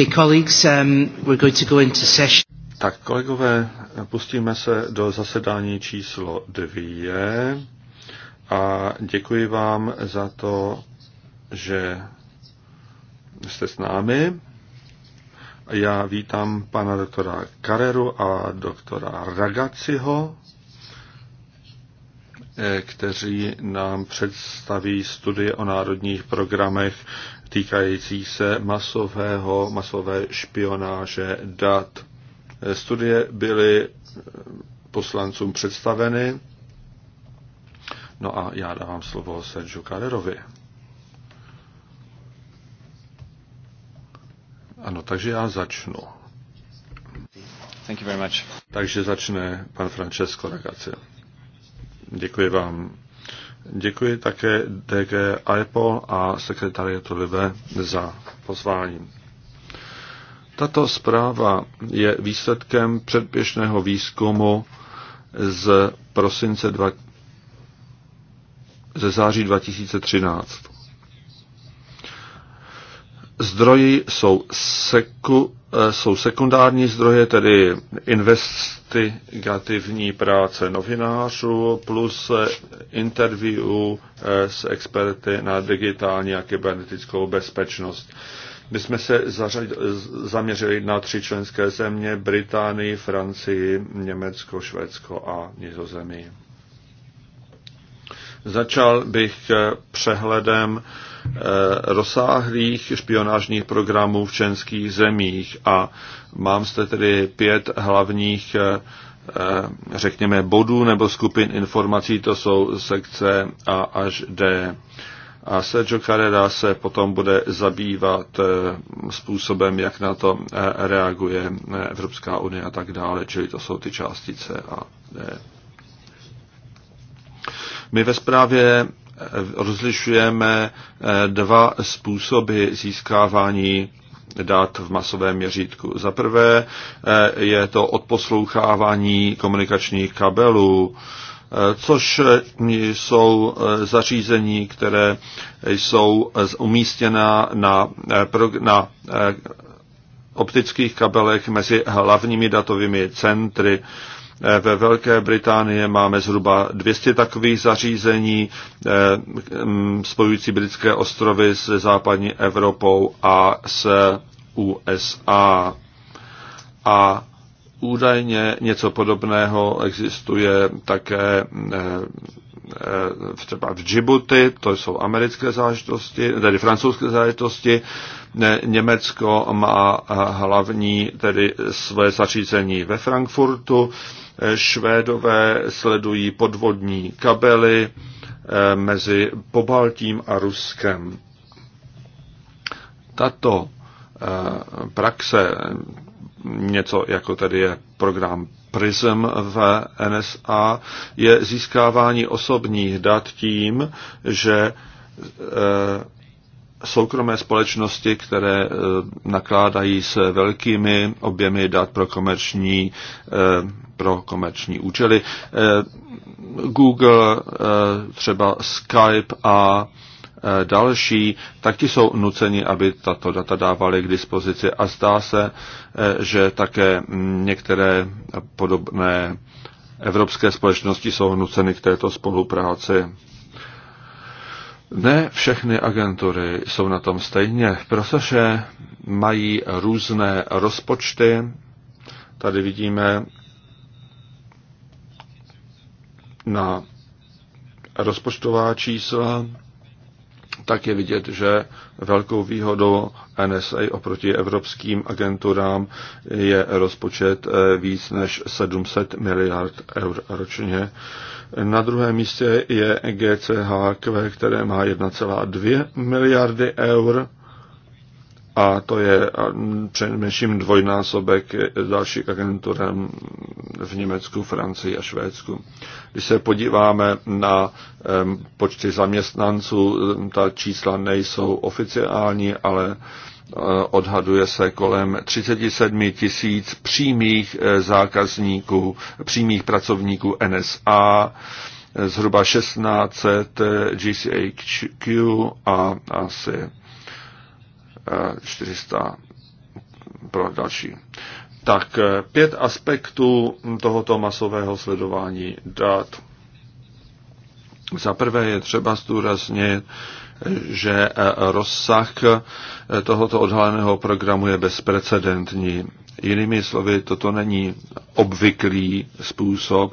Okay, colleagues, um, we're going to go into session. Tak kolegové, pustíme se do zasedání číslo dvě a děkuji vám za to, že jste s námi. Já vítám pana doktora Kareru a doktora Ragaciho, eh, kteří nám představí studie o národních programech týkající se masového, masové špionáže dat. Studie byly eh, poslancům představeny. No a já dávám slovo Sergio Kaderovi. Ano, takže já začnu. Thank you very much. Takže začne pan Francesco Ragazzi. Děkuji vám. Děkuji také DG AEPO a sekretariatu LIVE za pozvání. Tato zpráva je výsledkem předběžného výzkumu z prosince 2, ze září 2013. Zdroji jsou, seku, eh, jsou sekundární zdroje, tedy investigativní práce novinářů plus eh, interview eh, s experty na digitální a kybernetickou bezpečnost. My jsme se zaměřili na tři členské země, Británii, Francii, Německo, Švédsko a Nizozemí. Začal bych eh, přehledem eh, rozsáhlých špionážních programů v členských zemích a mám zde tedy pět hlavních eh, řekněme bodů nebo skupin informací, to jsou sekce A až D. A Sergio Carrera se potom bude zabývat způsobem, jak na to reaguje Evropská unie a tak dále, čili to jsou ty části C a D. My ve zprávě eh, rozlišujeme eh, dva způsoby získávání dat v masovém měřítku. Za prvé eh, je to odposlouchávání komunikačních kabelů, což jsou zařízení, které jsou umístěna na, na optických kabelech mezi hlavními datovými centry Eh, ve Velké Británii máme zhruba 200 takových zařízení eh, spojující britské ostrovy s západní Evropou a s USA. A údajně něco podobného existuje také eh, Eh, třeba v Djibouti, to jsou americké záležitosti, tedy francouzské záležitosti, Německo má eh, hlavní tedy své zařízení ve Frankfurtu, eh, Švédové sledují podvodní kabely mezi Pobaltím a Ruskem. Tato praxe něco jako tedy je program PRISM v NSA, je získávání osobních dat tím, že e, soukromé společnosti, které e, nakládají s velkými objemy dat pro komerční, e, pro komerční účely. Google, třeba Skype a Eh, další, tak ti jsou nuceni, aby tato data dávali k dispozici a zdá se, eh, že také některé podobné evropské společnosti jsou nuceny k této spolupráci. Ne všechny agentury jsou na tom stejně, protože mají různé rozpočty. Tady vidíme na rozpočtová čísla tak je vidět, že velkou výhodou NSA oproti evropským agenturám je rozpočet eh, víc než 700 miliard eur ročně. Na druhém místě je GCHQ, které má 1,2 miliardy eur a to je přinejmenším dvojnásobek dalších agenturem v Německu, Francii a Švédsku. Když se podíváme na počty zaměstnanců, ta čísla nejsou oficiální, ale e, odhaduje se kolem 37 tisíc přímých e, zákazníků, přímých pracovníků NSA, e, zhruba 1600 GCHQ a asi 400 pro další. Tak eh, pět aspektů tohoto masového sledování dat. Za prvé je třeba zdůraznit, že eh, rozsah eh, tohoto odhaleného programu je bezprecedentní. Jinými slovy, toto není obvyklý způsob.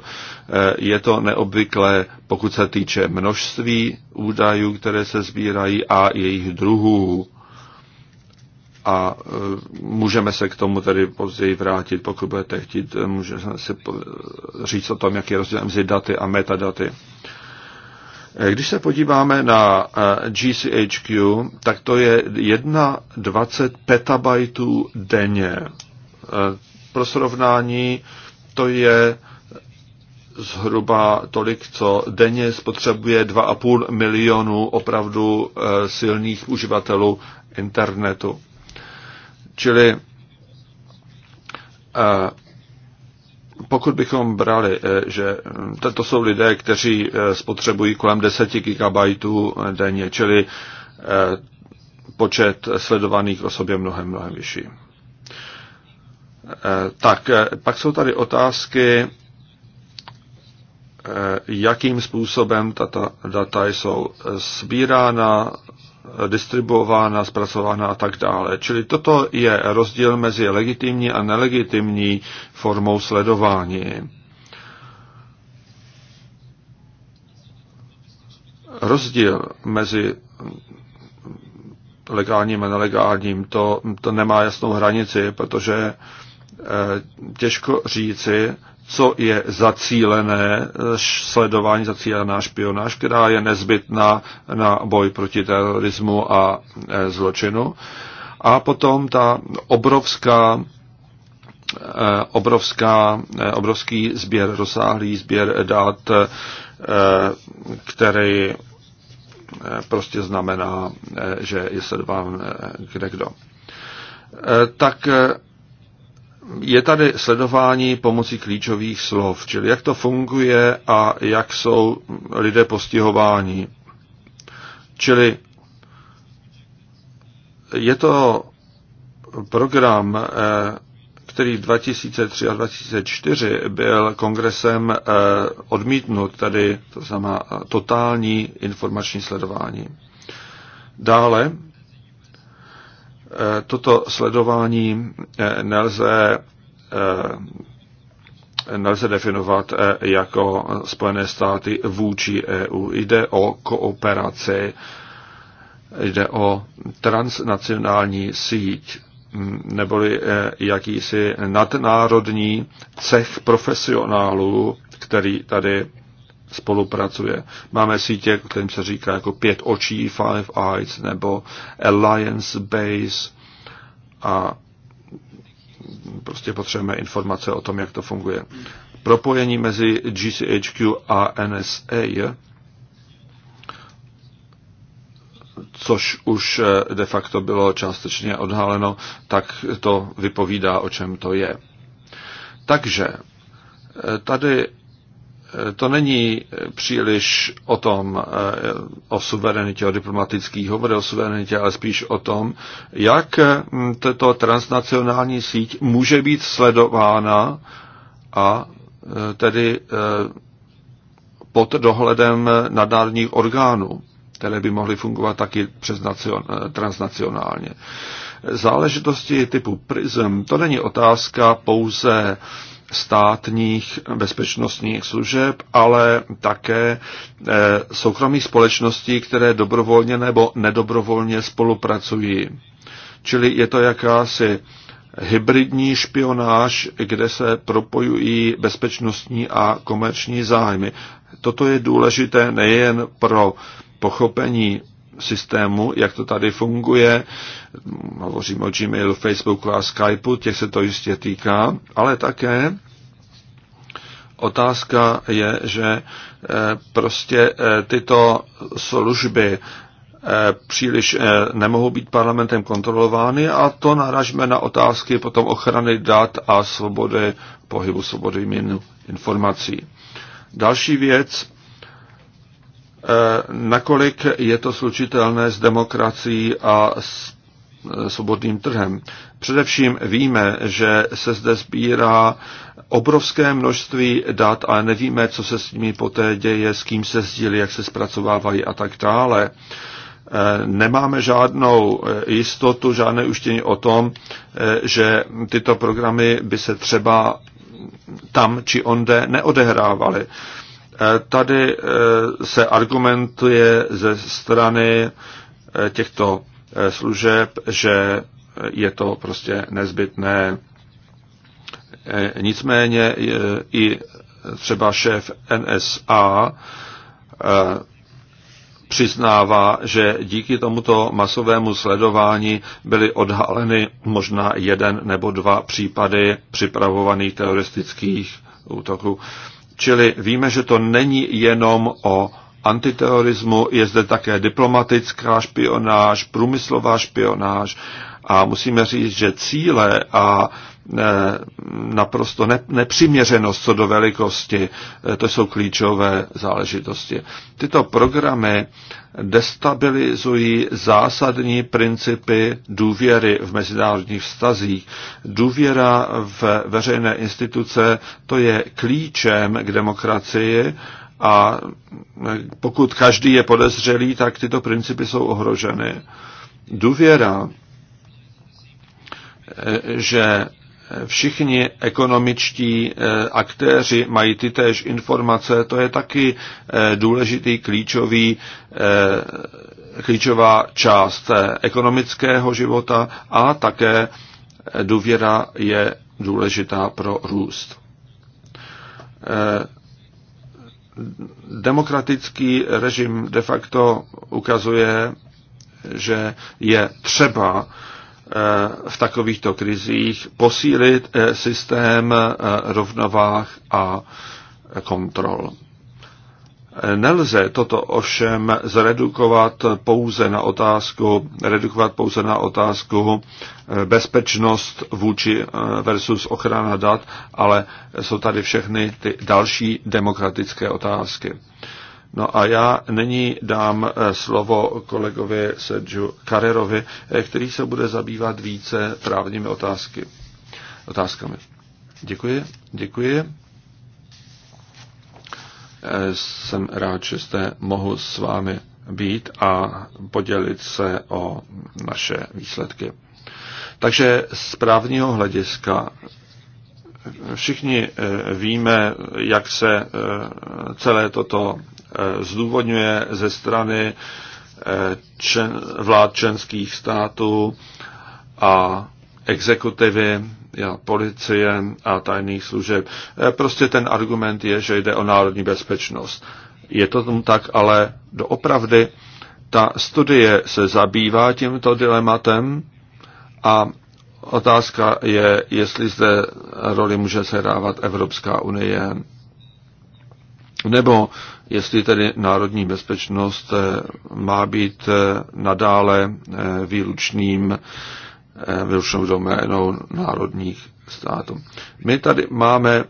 Je to neobvyklé, pokud se týče množství údajů, které se sbírají a jejich druhů a e, můžeme se k tomu tedy později vrátit, pokud budete chtít, e, můžeme si říct o tom, jaký je rozdíl mezi daty a metadaty. E, když se podíváme na GCHQ, tak to je 1,20 petabajtů denně. Pro srovnání to je zhruba tolik, co denně spotřebuje 2,5 milionu opravdu silných uživatelů internetu. Čili eh, pokud bychom brali, eh, že eh, to jsou lidé, kteří spotřebují kolem 10 GB denně, čili počet sledovaných osob je mnohem, mnohem vyšší. Tak, pak jsou tady otázky, jakým způsobem tato data jsou sbírána, distribuována, zpracována a tak dále. Čili toto je rozdíl mezi legitimní a nelegitimní formou sledování. Rozdíl mezi legálním a nelegálním, to, to nemá jasnou hranici, protože eh, těžko říci, co je zacílené eh, sledování, zacílená špionáž, která je nezbytná na boj proti terorismu a eh, zločinu. A potom ta obrovská eh, obrovská, obrovský sběr, rozsáhlý sběr dat, který prostě znamená, že je sledován kde kdo. Tak je tady sledování pomocí klíčových slov, čili jak to funguje a jak jsou lidé postihováni. Čili je to program, eh, který v 2003 a 2004 byl kongresem eh, odmítnut, tedy to znamená totální informační sledování. Dále Eh, toto sledování eh, nelze, eh, nelze definovat jako Spojené státy vůči EU. Jde o kooperaci, jde o transnacionální síť hm, neboli jakýsi nadnárodní cech profesionálů, který tady spolupracuje. Máme sítě, kterým se říká jako pět očí, Five Eyes, nebo Alliance Base a prostě potřebujeme informace o tom, jak to funguje. Propojení mezi GCHQ a NSA, což už eh, de facto bylo částečně odhaleno, tak to vypovídá, o čem to je. Takže eh, tady to není příliš o tom, eh, o suverenitě, o diplomatických hovorech, o suverenitě, ale spíš o tom, jak hm, tato transnacionální síť může být sledována a eh, tedy eh, pod dohledem nadnárodních orgánů, které by mohly fungovat taky přes nacion, transnacionálně. Záležitosti typu PRISM, to není otázka pouze státních bezpečnostních služeb, ale také eh, soukromých společností, které dobrovolně nebo nedobrovolně spolupracují. Čili je to jakási hybridní špionáž, kde se propojují bezpečnostní a komerční zájmy. Toto je důležité nejen pro pochopení systému, jak to tady funguje. Hovořím o Gmailu, Facebooku a Skypeu, těch se to jistě týká, ale také otázka je, že eh, prostě eh, tyto služby eh, příliš nemohou být parlamentem kontrolovány a to naražme na otázky potom ochrany dat a svobody pohybu, svobody informací. Další věc, Eh, nakolik je to slučitelné s demokracií a s eh, svobodným trhem. Především víme, že se zde sbírá obrovské množství dat, ale nevíme, co se s nimi poté děje, s kým se sdílí, jak se zpracovávají a tak dále. Eh, nemáme žádnou jistotu, žádné uštění o tom, že tyto programy by se třeba tam či onde neodehrávaly. Tady eh, se argumentuje ze strany eh, těchto eh, služeb, že je to prostě nezbytné. Nicméně i třeba šéf NSA přiznává, že díky tomuto masovému sledování byly odhaleny možná jeden nebo dva případy připravovaných teroristických útoků. Čili víme, že to není jenom o antiterorismu, je zde také diplomatická špionáž, průmyslová špionáž a musíme říct, že cíle a naprosto nepřiměřenost co do velikosti, e, to jsou klíčové záležitosti. Tyto programy destabilizují zásadní principy důvěry v mezinárodních vztazích. Důvěra v veřejné instituce to je klíčem k demokracii a pokud každý je podezřelý, tak tyto principy jsou ohroženy. Důvěra e, že všichni ekonomičtí eh, aktéři mají ty též informace, to je taky eh, důležitý klíčový, eh, klíčová část ekonomického života a také důvěra je důležitá pro růst. Demokratický režim de facto ukazuje, že je třeba v takovýchto krizích posílit eh, systém eh, rovnovách a kontrol. Nelze toto ovšem zredukovat pouze na otázku, redukovat pouze na otázku eh, bezpečnost vůči versus ochrana dat, ale jsou tady všechny ty další demokratické otázky. No a já nyní dám eh, slovo kolegovi Sergiu Karerovi, eh, který se bude zabývat více právními otázky, otázkami. Děkuji, děkuji. Eh, jsem rád, že jste mohu s vámi být a podělit se o naše výsledky. Takže z právního hlediska všichni víme, jak se celé toto zdůvodňuje ze strany eh, čen, vlád členských států a exekutivy, a policie a tajných služeb. Eh, prostě ten argument je, že jde o národní bezpečnost. Je to tomu tak, ale doopravdy ta studie se zabývá tímto dilematem a otázka je, jestli zde roli může sehrávat Evropská unie nebo jestli tedy národní bezpečnost eh, má být eh, nadále eh, výlučným, výlučnou doménou národních států. My tady máme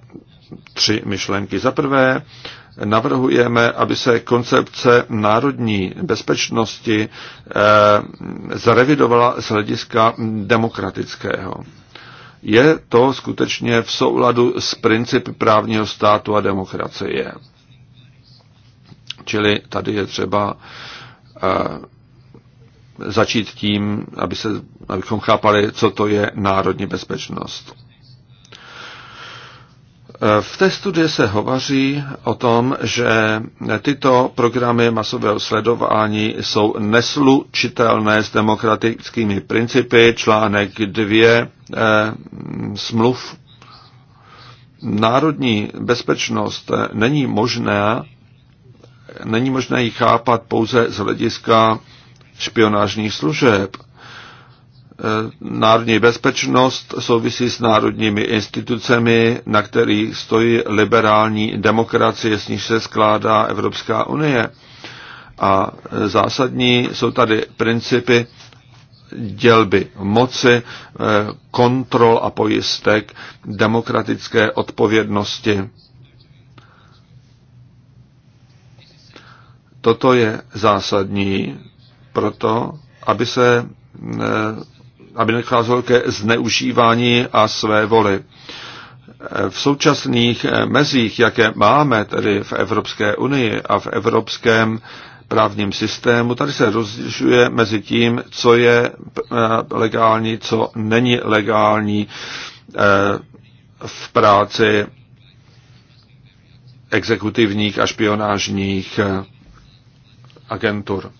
tři myšlenky. Za prvé, navrhujeme, aby se koncepce národní bezpečnosti zarevidovala z hlediska demokratického. Je to skutečně v souladu s principy právního státu a demokracie. Čili tady je třeba eh, začít tím, aby se, abychom chápali, co to je národní bezpečnost. Eh, v té studii se hovaří o tom, že tyto programy masového sledování jsou neslučitelné s demokratickými principy, článek 2 e, eh, smluv. Národní bezpečnost není možná není možné ji chápat pouze z hlediska špionážních služeb. Eh, národní bezpečnost souvisí s národními institucemi, na kterých stojí liberální demokracie, s níž se skládá Evropská unie. A eh, zásadní jsou tady principy dělby moci, eh, kontrol a pojistek demokratické odpovědnosti Toto je zásadní proto, aby se eh, aby nedocházelo ke zneužívání a své voli. Eh, v současných eh, mezích, jaké máme tedy v Evropské unii a v evropském právním systému, tady se rozlišuje mezi tím, co je legální, co není legální v práci exekutivních a špionážních agentur.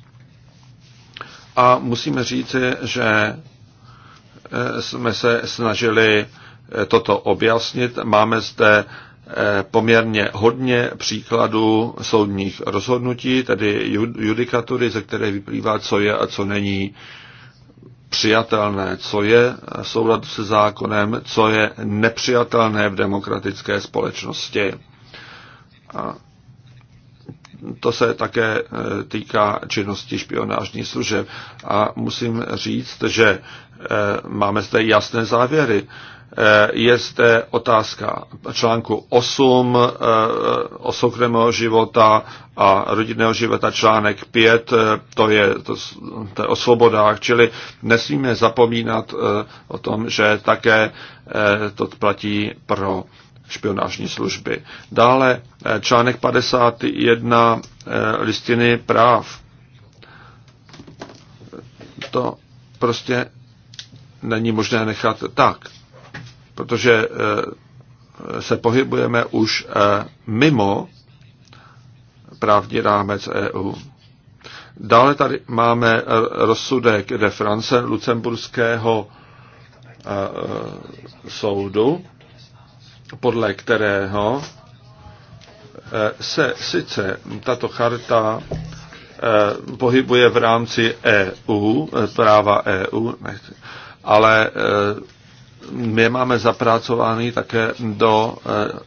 A musíme říci, že eh, jsme se snažili eh, toto objasnit. Máme zde eh, poměrně hodně příkladů soudních rozhodnutí, tedy judikatury, ze které vyplývá, co je a co není přijatelné, co je v se zákonem, co je nepřijatelné v demokratické společnosti. A to se také eh, týká činnosti špionážní služeb. A musím říct, že eh, máme zde jasné závěry. Eh, je zde otázka článku 8 o soukromého života a rodinného života článek 5, to je, to, to je o svobodách, čili nesmíme zapomínat o tom, že také to platí pro špionážní služby. Dále eh, článek 51 eh, listiny práv. To prostě není možné nechat tak, protože eh, se pohybujeme už mimo právní rámec EU. Dále tady máme rozsudek de France Lucemburského soudu, podle kterého eh, se sice tato charta eh, pohybuje v rámci EU, eh, práva EU, ale my máme zapracovány také do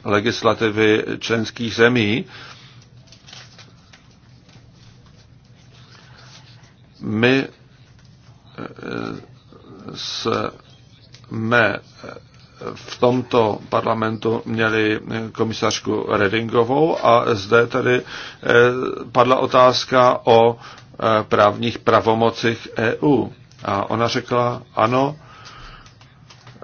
legislativy členských zemí. My jsme v tomto parlamentu měli komisařku Redingovou a zde tedy eh, padla otázka o eh, právních pravomocích EU. A ona řekla, ano,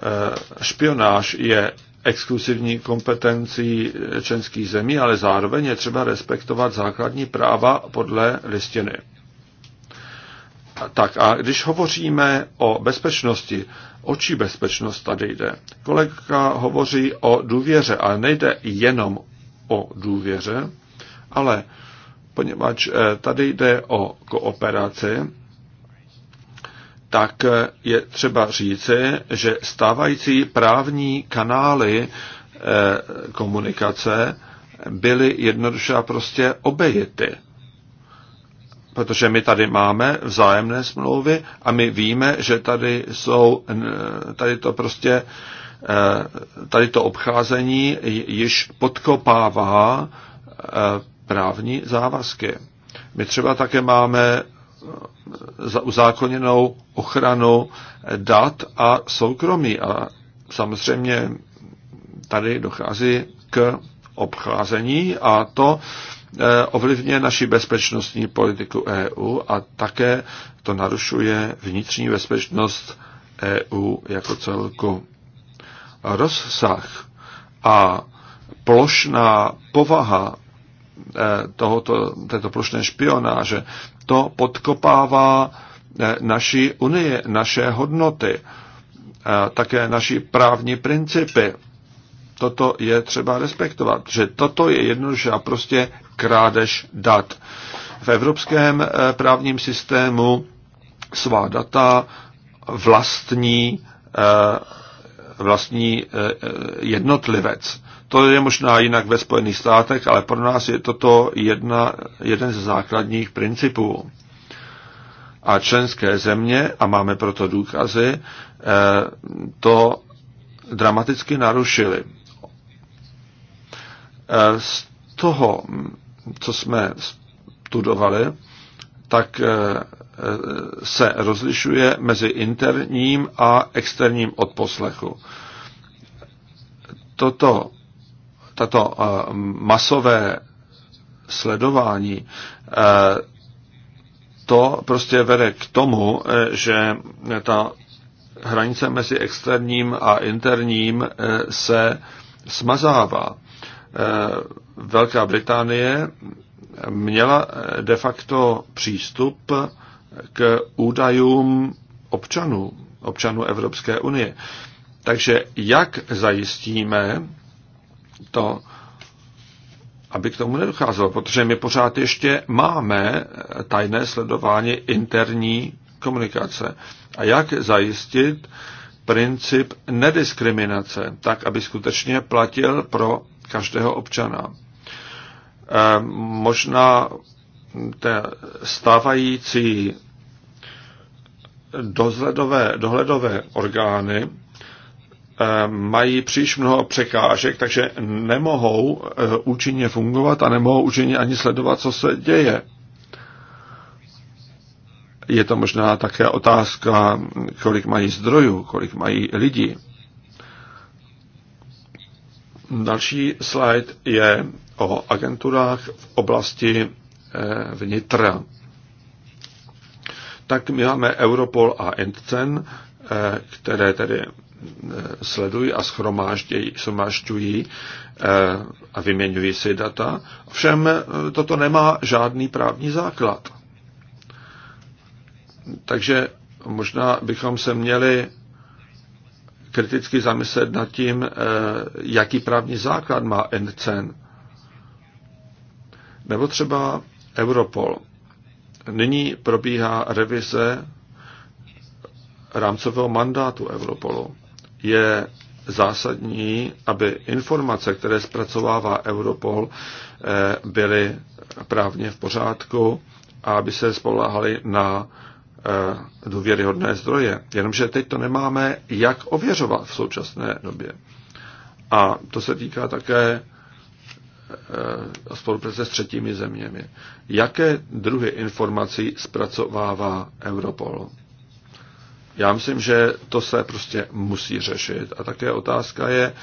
eh, špionáž je exkluzivní kompetencí členských zemí, ale zároveň je třeba respektovat základní práva podle listiny. Tak a když hovoříme o bezpečnosti, očí bezpečnost tady jde. Kolega hovoří o důvěře, ale nejde jenom o důvěře, ale poněvadž eh, tady jde o kooperaci, tak eh, je třeba říci, že stávající právní kanály eh, komunikace byly jednoduše prostě obejity protože my tady máme vzájemné smlouvy a my víme, že tady jsou, tady to prostě, eh, tady to obcházení již podkopává eh, právní závazky. My třeba také máme eh, uzákoněnou ochranu dat a soukromí a samozřejmě tady dochází k obcházení a to Eh, ovlivňuje naši bezpečnostní politiku EU a také to narušuje vnitřní bezpečnost EU jako celku. Rozsah a plošná povaha eh, tohoto, této plošné špionáže, to podkopává eh, naši unie, naše hodnoty, také naši právní principy toto je třeba respektovat, že toto je jednoduše a prostě krádež dat. V evropském eh, právním systému svá data vlastní, eh, vlastní eh, jednotlivec. To je možná jinak ve Spojených státech, ale pro nás je toto jedna, jeden ze základních principů. A členské země, a máme proto důkazy, to dramaticky narušili. Eh, z toho, co jsme studovali, tak eh, eh, se rozlišuje mezi interním a externím odposlechu. Toto, tato masové sledování, to prostě vede k tomu, že ta hranice mezi externím a interním se smazává. Eh, Velká Británie měla eh, de facto přístup eh, k údajům občanů, občanů Evropské unie. Takže jak zajistíme to, aby k tomu nedocházelo, protože my pořád ještě máme tajné sledování interní komunikace. A jak zajistit princip nediskriminace, tak aby skutečně platil pro každého občana. Eh, možná té stávající dozledové, dohledové orgány eh, mají příliš mnoho překážek, takže nemohou eh, účinně fungovat a nemohou účinně ani sledovat, co se děje. Je to možná také otázka, kolik mají zdrojů, kolik mají lidí. Další slide je o agenturách v oblasti eh, vnitra. Tak my máme Europol a Intcen, eh, které tedy eh, sledují a schromážďují a vyměňují si data. Všem toto nemá žádný právní základ. Takže možná bychom se měli kriticky zamyslet nad tím, eh, jaký právní základ má NCEN. Nebo třeba Europol. Nyní probíhá revize rámcového mandátu Europolu. Je zásadní, aby informace, které zpracovává Europol, eh, byly právně v pořádku a aby se spoláhaly na Eh, důvěryhodné zdroje. Jenomže teď to nemáme jak ověřovat v současné době. A to se týká také eh, spolupráce s třetími zeměmi. Jaké druhy informací zpracovává Europol? Já myslím, že to se prostě musí řešit. A také otázka je,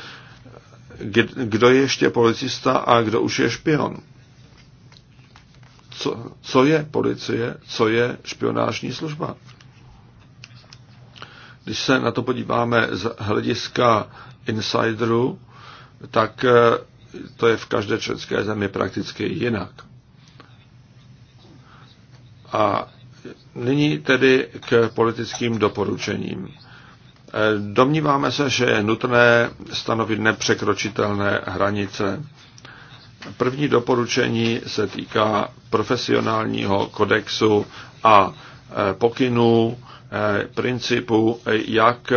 kdo je ještě policista a kdo už je špion co, co je policie, co je špionážní služba. Když se na to podíváme z hlediska insiderů, tak eh, to je v každé české zemi prakticky jinak. A nyní tedy k politickým doporučením. Eh, domníváme se, že je nutné stanovit nepřekročitelné hranice První doporučení se týká profesionálního kodexu a e, pokynů, e, principu, e, jak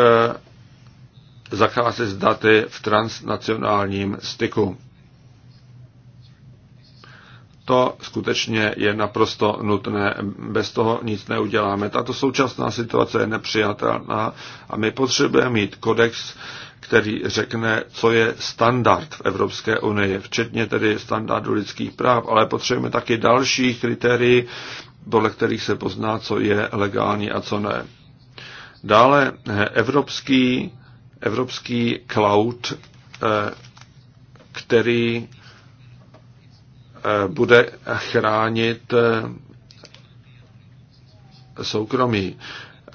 zacházet s daty v transnacionálním styku. To skutečně je naprosto nutné, bez toho nic neuděláme. Tato současná situace je nepřijatelná a my potřebujeme mít kodex, který řekne, co je standard v Evropské unii, včetně tedy standardu lidských práv, ale potřebujeme taky další kritérii, podle kterých se pozná, co je legální a co ne. Dále eh, evropský, evropský cloud, eh, který eh, bude chránit soukromí.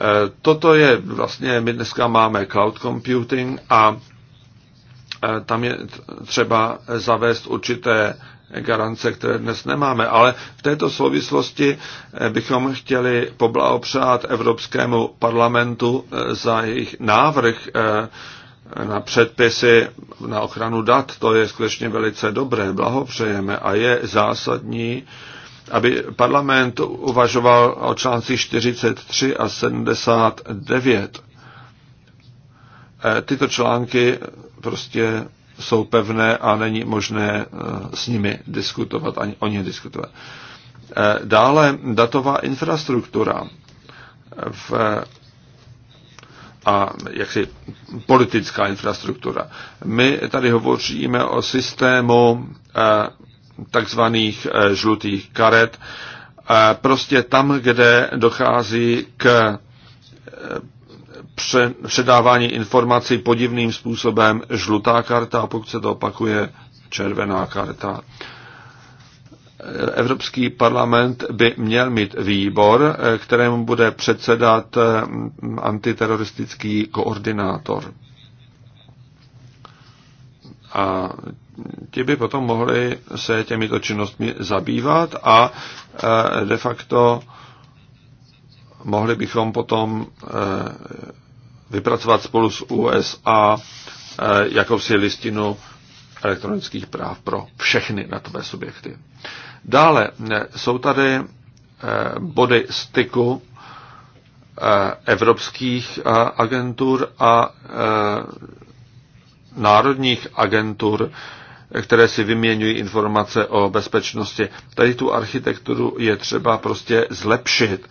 Eh, toto je vlastně, my dneska máme cloud computing a eh, tam je třeba zavést určité garance, které dnes nemáme. Ale v této souvislosti eh, bychom chtěli poblahopřát Evropskému parlamentu za jejich návrh na předpisy na ochranu dat. To je skutečně velice dobré, blahopřejeme a je zásadní, aby parlament uvažoval o článci 43 a 79. E, tyto články prostě jsou pevné a není možné e, s nimi diskutovat, ani o nich diskutovat. E, dále datová infrastruktura v, a jaksi politická infrastruktura. My tady hovoříme o systému takzvaných eh, žlutých karet. Prostě tam, kde dochází k eh, předávání informací podivným způsobem žlutá karta a pokud se to opakuje červená karta. Eh, Evropský parlament by měl mít výbor, kterému bude předsedat antiteroristický koordinátor. A ti by potom mohli se těmito činnostmi zabývat a eh, de facto mohli bychom potom eh, vypracovat spolu s USA eh, jakousi listinu elektronických práv pro všechny datové subjekty. Dále jsou tady body styku evropských agentur a národních agentur které si vyměňují informace o bezpečnosti. Tady tu architekturu je třeba prostě zlepšit.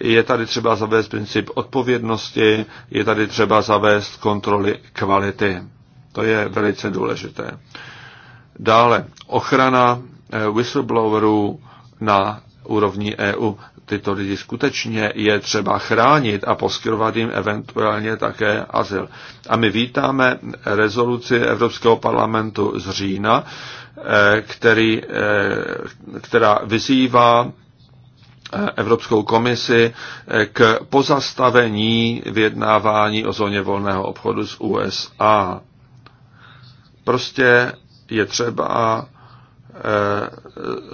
Je tady třeba zavést princip odpovědnosti, je tady třeba zavést kontroly kvality. To je velice důležité. Dále ochrana eh, whistleblowerů na úrovni EU tyto lidi skutečně je třeba chránit a poskytovat jim eventuálně také azyl. A my vítáme rezoluci Evropského parlamentu z října, eh, který, eh, která vyzývá eh, Evropskou komisi k pozastavení vyjednávání o zóně volného obchodu s USA. Prostě je třeba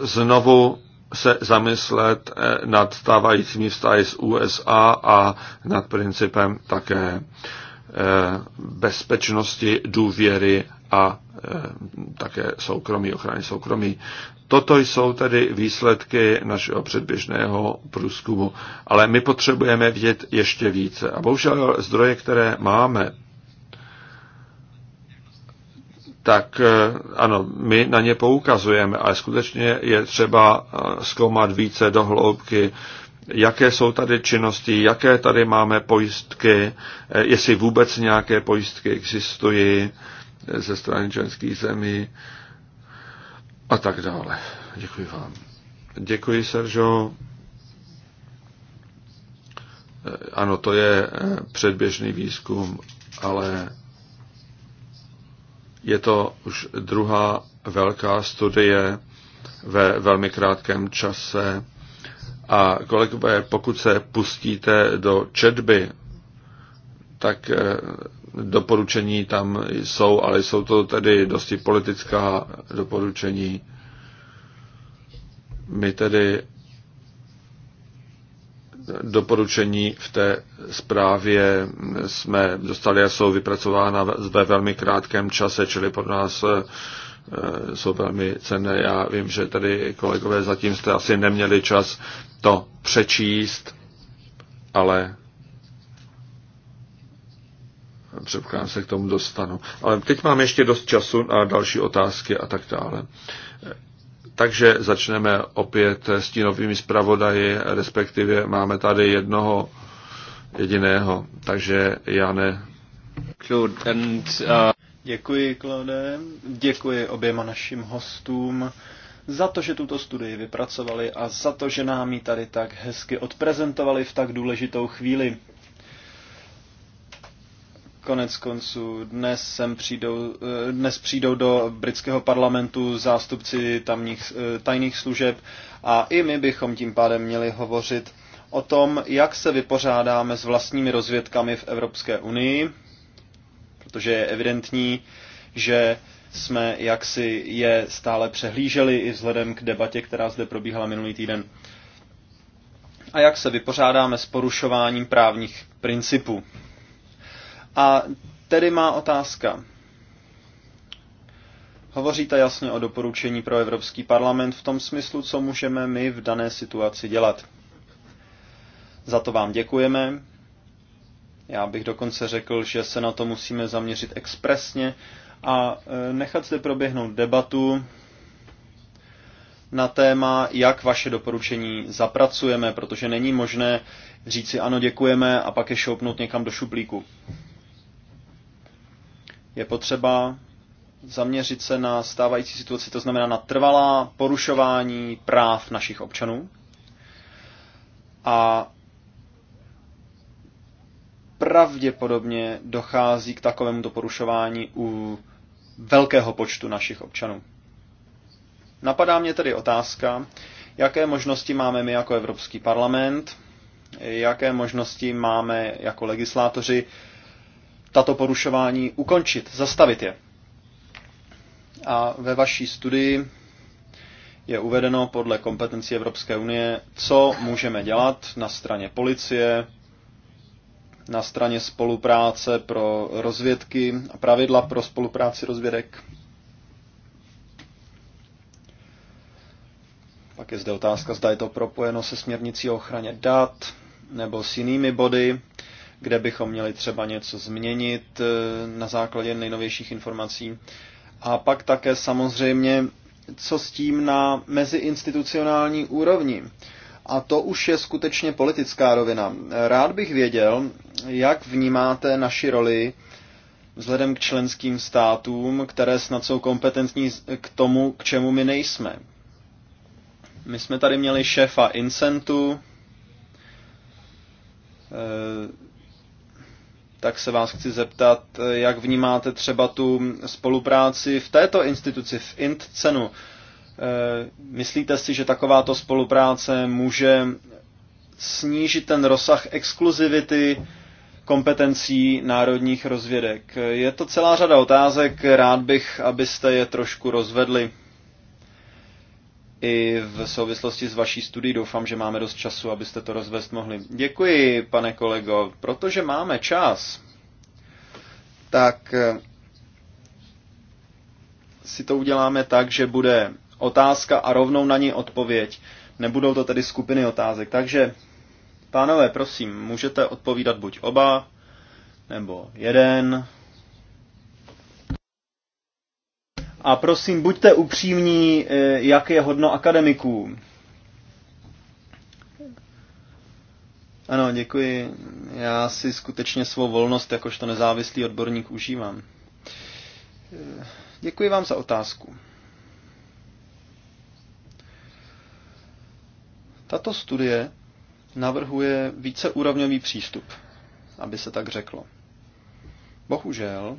znovu se zamyslet eh, nad stávajícími vztahy s USA a nad principem také eh, bezpečnosti, důvěry a eh, také soukromí, ochrany soukromí. Toto jsou tedy výsledky našeho předběžného průzkumu, ale my potřebujeme vědět ještě více. A bohužel zdroje, které máme, tak eh, ano, my na ně poukazujeme, ale skutečně je třeba eh, zkoumat více do hloubky, jaké jsou tady činnosti, jaké tady máme pojistky, eh, jestli vůbec nějaké pojistky existují ze strany členských zemí a tak dále. Děkuji vám. Děkuji, Seržo. Ano, to je předběžný výzkum, ale je to už druhá velká studie ve velmi krátkém čase. A kolegové, pokud se pustíte do četby, tak eh, doporučení tam jsou, ale jsou to tedy dosti politická doporučení. My tedy doporučení v té zprávě jsme dostali a jsou vypracována ve velmi krátkém čase, čili pro nás eh, jsou velmi cenné. Já vím, že tady kolegové zatím jste asi neměli čas to přečíst, ale předpokládám se k tomu dostanu. Ale teď mám ještě dost času na další otázky a tak dále. Takže začneme opět s novými zpravodaji, respektive máme tady jednoho jediného, takže já ne. Claude and, uh... Děkuji, Claude. Děkuji oběma našim hostům za to, že tuto studii vypracovali a za to, že nám ji tady tak hezky odprezentovali v tak důležitou chvíli. Konec konců dnes, sem přijdou, eh, dnes přijdou do britského parlamentu zástupci tamních eh, tajných služeb a i my bychom tím pádem měli hovořit o tom, jak se vypořádáme s vlastními rozvědkami v Evropské unii, protože je evidentní, že jsme jaksi je stále přehlíželi i vzhledem k debatě, která zde probíhala minulý týden. A jak se vypořádáme s porušováním právních principů. A tedy má otázka. Hovoříte jasně o doporučení pro Evropský parlament v tom smyslu, co můžeme my v dané situaci dělat. Za to vám děkujeme. Já bych dokonce řekl, že se na to musíme zaměřit expresně a e, nechat zde proběhnout debatu na téma, jak vaše doporučení zapracujeme, protože není možné říci ano, děkujeme a pak je šoupnout někam do šuplíku je potřeba zaměřit se na stávající situaci, to znamená na trvalá porušování práv našich občanů. A pravděpodobně dochází k to porušování u velkého počtu našich občanů. Napadá mě tedy otázka, jaké možnosti máme my jako Evropský parlament, jaké možnosti máme jako legislátoři tato porušování ukončit, zastavit je. A ve vaší studii je uvedeno podle kompetencí Evropské unie, co můžeme dělat na straně policie, na straně spolupráce pro rozvědky a pravidla pro spolupráci rozvědek. Pak je zde otázka, zda je to propojeno se směrnicí o ochraně dat nebo s jinými body kde bychom měli třeba něco změnit eh, na základě nejnovějších informací. A pak také samozřejmě, co s tím na meziinstitucionální úrovni. A to už je skutečně politická rovina. Rád bych věděl, jak vnímáte naši roli vzhledem k členským státům, které snad jsou kompetentní k tomu, k čemu my nejsme. My jsme tady měli šéfa Incentu, eh, tak se vás chci zeptat, jak vnímáte třeba tu spolupráci v této instituci, v INTCENu. Eh, myslíte si, že takováto spolupráce může snížit ten rozsah exkluzivity kompetencí národních rozvědek? Je to celá řada otázek, rád bych, abyste je trošku rozvedli i v souvislosti s vaší studií. Doufám, že máme dost času, abyste to rozvést mohli. Děkuji, pane kolego. Protože máme čas, tak eh, si to uděláme tak, že bude otázka a rovnou na ní odpověď. Nebudou to tedy skupiny otázek. Takže, pánové, prosím, můžete odpovídat buď oba, nebo jeden, A prosím, buďte upřímní, eh, jak je hodno akademiků. Ano, děkuji. Já si skutečně svou volnost jakožto nezávislý odborník užívám. Eh, děkuji vám za otázku. Tato studie navrhuje víceúrovňový přístup, aby se tak řeklo. Bohužel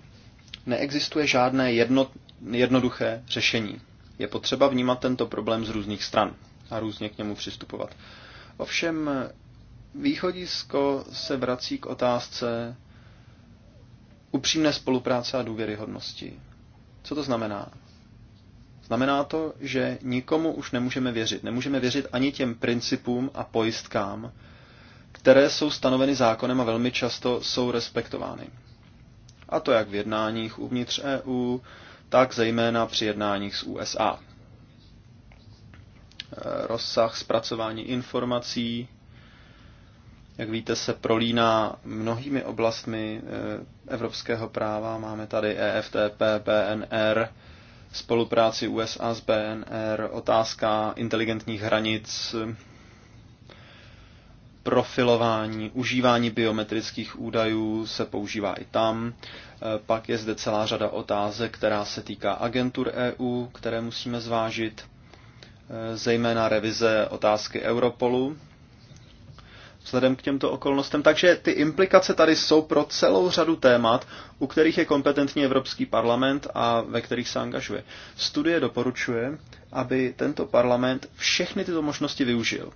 neexistuje žádné jednot, jednoduché řešení. Je potřeba vnímat tento problém z různých stran a různě k němu přistupovat. Ovšem východisko se vrací k otázce upřímné spolupráce a důvěryhodnosti. Co to znamená? Znamená to, že nikomu už nemůžeme věřit. Nemůžeme věřit ani těm principům a pojistkám, které jsou stanoveny zákonem a velmi často jsou respektovány. A to jak v jednáních uvnitř EU, tak zejména při jednáních s USA. E, rozsah zpracování informací, jak víte, se prolíná mnohými oblastmi e, evropského práva. Máme tady EFTP, PNR, spolupráci USA s BNR, otázka inteligentních hranic, profilování, užívání biometrických údajů se používá i tam. Eh, pak je zde celá řada otázek, která se týká agentur EU, které musíme zvážit, eh, zejména revize otázky Europolu, vzhledem k těmto okolnostem. Takže ty implikace tady jsou pro celou řadu témat, u kterých je kompetentní Evropský parlament a ve kterých se angažuje. Studie doporučuje, aby tento parlament všechny tyto možnosti využil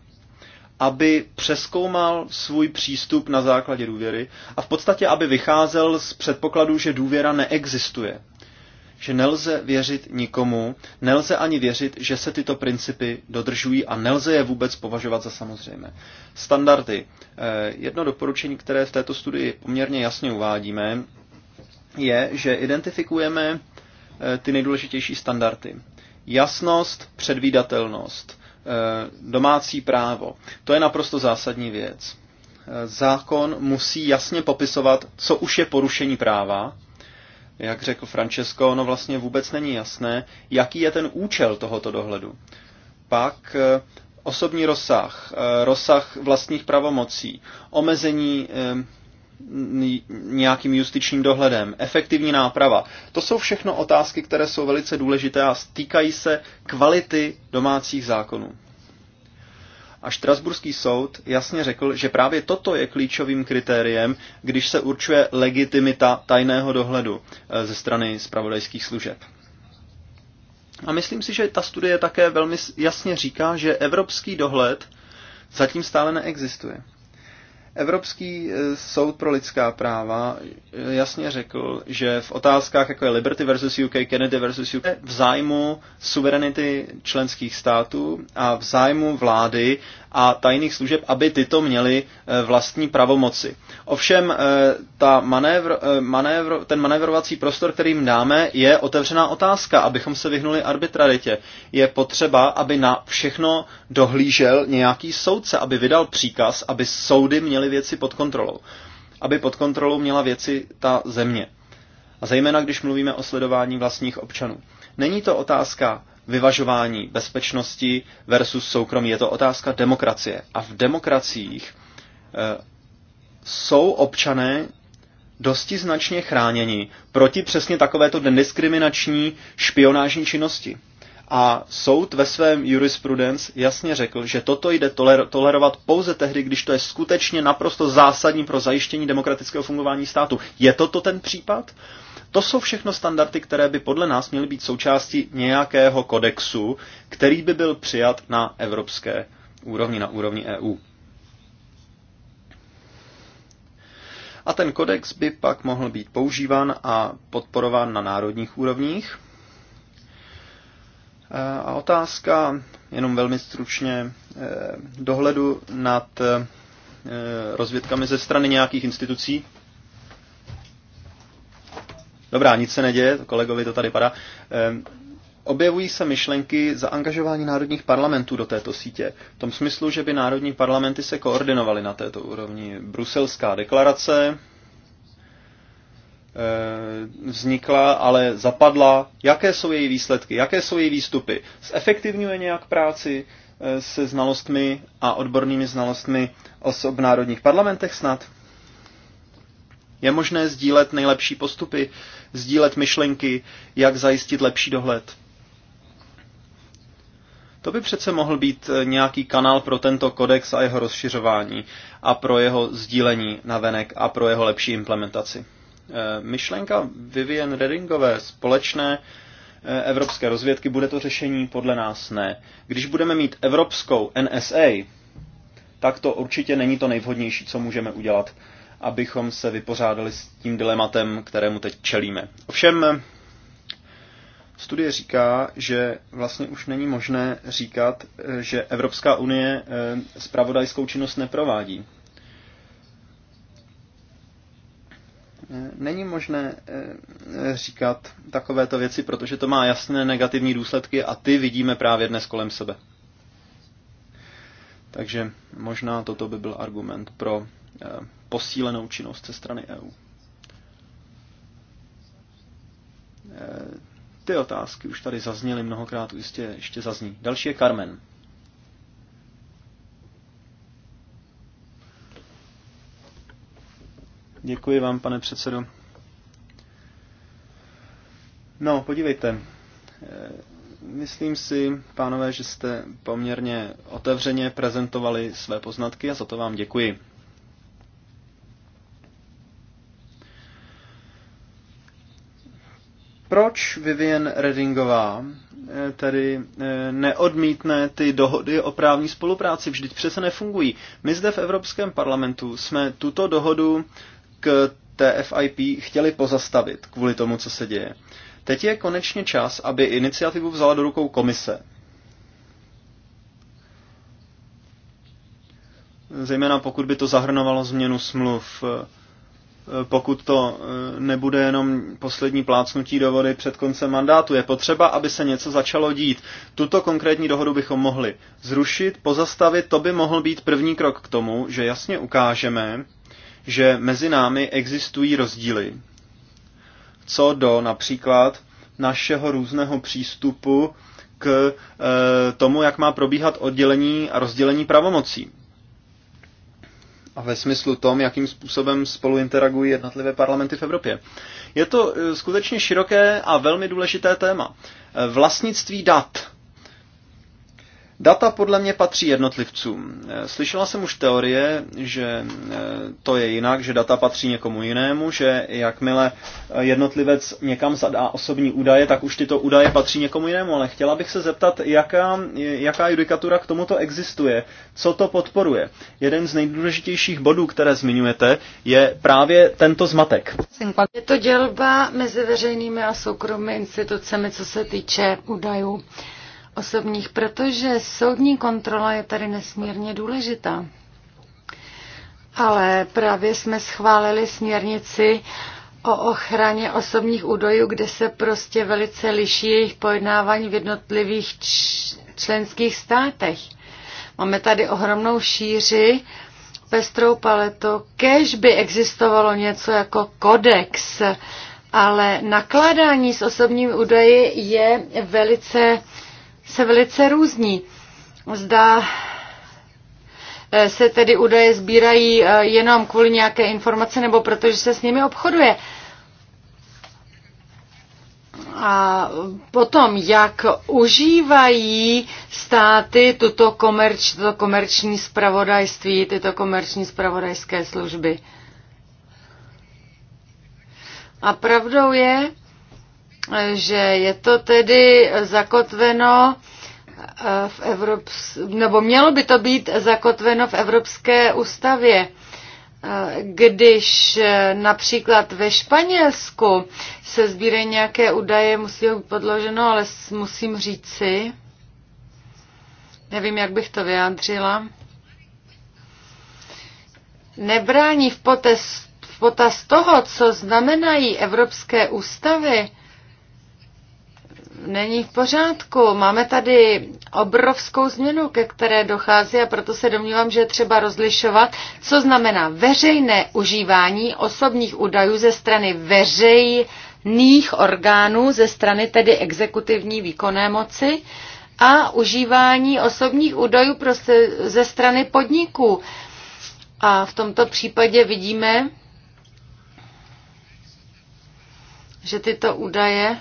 aby přeskoumal svůj přístup na základě důvěry a v podstatě, aby vycházel z předpokladu, že důvěra neexistuje. Že nelze věřit nikomu, nelze ani věřit, že se tyto principy dodržují a nelze je vůbec považovat za samozřejmé. Standardy. Eh, jedno doporučení, které v této studii poměrně jasně uvádíme, je, že identifikujeme eh, ty nejdůležitější standardy. Jasnost, předvídatelnost, Eh, domácí právo. To je naprosto zásadní věc. Eh, zákon musí jasně popisovat, co už je porušení práva. Jak řekl Francesco, ono vlastně vůbec není jasné, jaký je ten účel tohoto dohledu. Pak eh, osobní rozsah, rozsah vlastních pravomocí, omezení nějakým justičním dohledem, efektivní náprava. To jsou všechno otázky, které jsou velice důležité a týkají se kvality domácích zákonů. A Štrasburský soud jasně řekl, že právě toto je klíčovým kritériem, když se určuje legitimita tajného dohledu eh, ze strany spravodajských služeb. A myslím si, že ta studie také velmi jasně říká, že evropský dohled zatím stále neexistuje. Evropský eh, soud pro lidská práva eh, jasně řekl, že v otázkách jako je Liberty versus UK, Kennedy versus UK, v zájmu suverenity členských států a v zájmu vlády a tajných služeb, aby tyto měly eh, vlastní pravomoci. Ovšem ta manévr, manévr, ten manévrovací prostor, kterým dáme, je otevřená otázka, abychom se vyhnuli arbitraritě. Je potřeba, aby na všechno dohlížel nějaký soudce, aby vydal příkaz, aby soudy měly měli věci pod kontrolou. Aby pod kontrolou měla věci ta země. A zejména, když mluvíme o sledování vlastních občanů. Není to otázka vyvažování bezpečnosti versus soukromí, je to otázka demokracie. A v demokraciích e, eh, jsou občané dosti značně chráněni proti přesně takovéto nediskriminační špionážní činnosti. A soud ve svém jurisprudence jasně řekl, že toto jde toler- tolerovat pouze tehdy, když to je skutečně naprosto zásadní pro zajištění demokratického fungování státu. Je toto ten případ? To jsou všechno standardy, které by podle nás měly být součástí nějakého kodexu, který by byl přijat na evropské úrovni, na úrovni EU. A ten kodex by pak mohl být používán a podporován na národních úrovních Eh, a otázka, jenom velmi stručně, eh, dohledu nad eh, rozvědkami ze strany nějakých institucí. Dobrá, nic se neděje, to kolegovi to tady padá. Objevují se myšlenky zaangažování národních parlamentů do této sítě. V tom smyslu, že by národní parlamenty se koordinovaly na této úrovni. Bruselská deklarace, Eh, vznikla, ale zapadla, jaké jsou její výsledky, jaké jsou její výstupy. Zefektivňuje nějak práci eh, se znalostmi a odbornými znalostmi osob v národních parlamentech snad? Je možné sdílet nejlepší postupy, sdílet myšlenky, jak zajistit lepší dohled? To by přece mohl být eh, nějaký kanál pro tento kodex a jeho rozšiřování a pro jeho sdílení na venek a pro jeho lepší implementaci. Eh, myšlenka Vivian Redingové společné eh, evropské rozvědky bude to řešení podle nás ne. Když budeme mít evropskou NSA, tak to určitě není to nejvhodnější, co můžeme udělat, abychom se vypořádali s tím dilematem, kterému teď čelíme. Ovšem, studie říká, že vlastně už není možné říkat, eh, že Evropská unie spravodajskou činnost neprovádí. Není možné eh, říkat takovéto věci, protože to má jasné negativní důsledky a ty vidíme právě dnes kolem sebe. Takže možná toto by byl argument pro eh, posílenou činnost ze strany EU. Eh, ty otázky už tady zazněly mnohokrát, jistě ještě zazní. Další je Carmen. Děkuji vám, pane předsedo. No, podívejte. Eh, myslím si, pánové, že jste poměrně otevřeně prezentovali své poznatky a za to vám děkuji. Proč Vivian Redingová eh, tedy eh, neodmítne ty dohody o právní spolupráci? Vždyť přece nefungují. My zde v Evropském parlamentu jsme tuto dohodu k TFIP chtěli pozastavit kvůli tomu, co se děje. Teď je konečně čas, aby iniciativu vzala do rukou komise. Zejména pokud by to zahrnovalo změnu smluv, pokud to eh, nebude jenom poslední plácnutí do vody před koncem mandátu. Je potřeba, aby se něco začalo dít. Tuto konkrétní dohodu bychom mohli zrušit, pozastavit, to by mohl být první krok k tomu, že jasně ukážeme, že mezi námi existují rozdíly. Co do například našeho různého přístupu k e, tomu, jak má probíhat oddělení a rozdělení pravomocí. A ve smyslu tom, jakým způsobem spolu interagují jednotlivé parlamenty v Evropě. Je to eh, skutečně široké a velmi důležité téma. Eh, vlastnictví dat Data podle mě patří jednotlivcům. Eh, slyšela jsem už teorie, že eh, to je jinak, že data patří někomu jinému, že jakmile eh, jednotlivec někam zadá osobní údaje, tak už tyto údaje patří někomu jinému. Ale chtěla bych se zeptat, jaká, jaká judikatura k tomuto existuje, co to podporuje. Jeden z nejdůležitějších bodů, které zmiňujete, je právě tento zmatek. Je to dělba mezi veřejnými a soukromými institucemi, co se týče údajů osobních, protože soudní kontrola je tady nesmírně důležitá. Ale právě jsme schválili směrnici o ochraně osobních údajů, kde se prostě velice liší jejich pojednávání v jednotlivých členských státech. Máme tady ohromnou šíři, pestrou paletu. Kež by existovalo něco jako kodex, ale nakládání s osobními údaji je velice se velice různí. Zda eh, se tedy údaje sbírají eh, jenom kvůli nějaké informace nebo protože se s nimi obchoduje. A potom, jak užívají státy tuto komerč, tuto komerční spravodajství, tyto komerční spravodajské služby. A pravdou je, že je to tedy zakotveno eh, v Evrops- nebo mělo by to být zakotveno v Evropské ústavě. Eh, když eh, například ve Španělsku se sbírají nějaké údaje, musí být podloženo, ale musím říci, nevím, jak bych to vyjádřila, nebrání v potaz, v potaz toho, co znamenají evropské ústavy, není v pořádku. Máme tady obrovskou změnu, ke které dochází a proto se domnívám, že je třeba rozlišovat, co znamená veřejné užívání osobních údajů ze strany veřejných orgánů, ze strany tedy exekutivní výkonné moci a užívání osobních údajů prostě ze strany podniků. A v tomto případě vidíme, že tyto údaje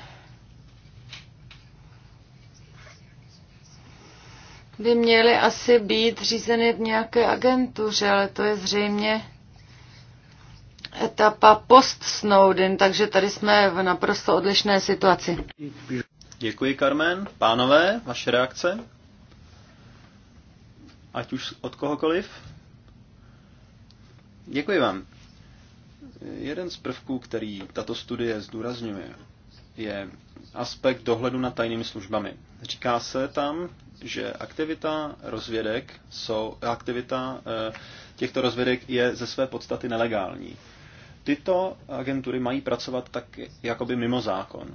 by měly asi být řízeny v nějaké agentuře, ale to je zřejmě etapa post Snowden, takže tady jsme v naprosto odlišné situaci. Děkuji, Carmen. Pánové, vaše reakce? Ať už od kohokoliv? Děkuji vám. Jeden z prvků, který tato studie zdůrazňuje, je aspekt dohledu nad tajnými službami. Říká se tam, že aktivita rozvědek jsou, aktivita eh, těchto rozvědek je ze své podstaty nelegální. Tyto agentury mají pracovat tak jakoby mimo zákon.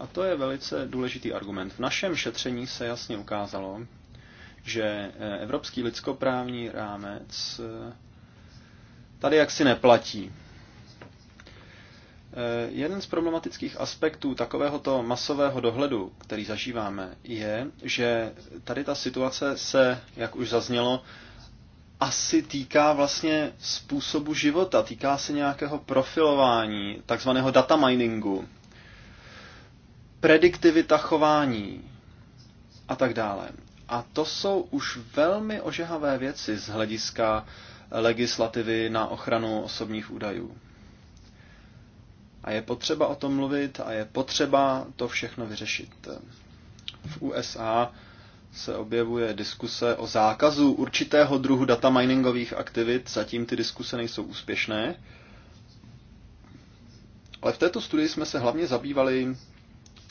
A to je velice důležitý argument. V našem šetření se jasně ukázalo, že eh, evropský lidskoprávní rámec eh, tady jaksi neplatí. Eh, jeden z problematických aspektů takovéhoto masového dohledu, který zažíváme, je, že tady ta situace se, jak už zaznělo, asi týká vlastně způsobu života, týká se nějakého profilování, takzvaného data miningu, prediktivita chování a tak dále. A to jsou už velmi ožehavé věci z hlediska legislativy na ochranu osobních údajů. A je potřeba o tom mluvit a je potřeba to všechno vyřešit. V USA se objevuje diskuse o zákazu určitého druhu data miningových aktivit, zatím ty diskuse nejsou úspěšné. Ale v této studii jsme se hlavně zabývali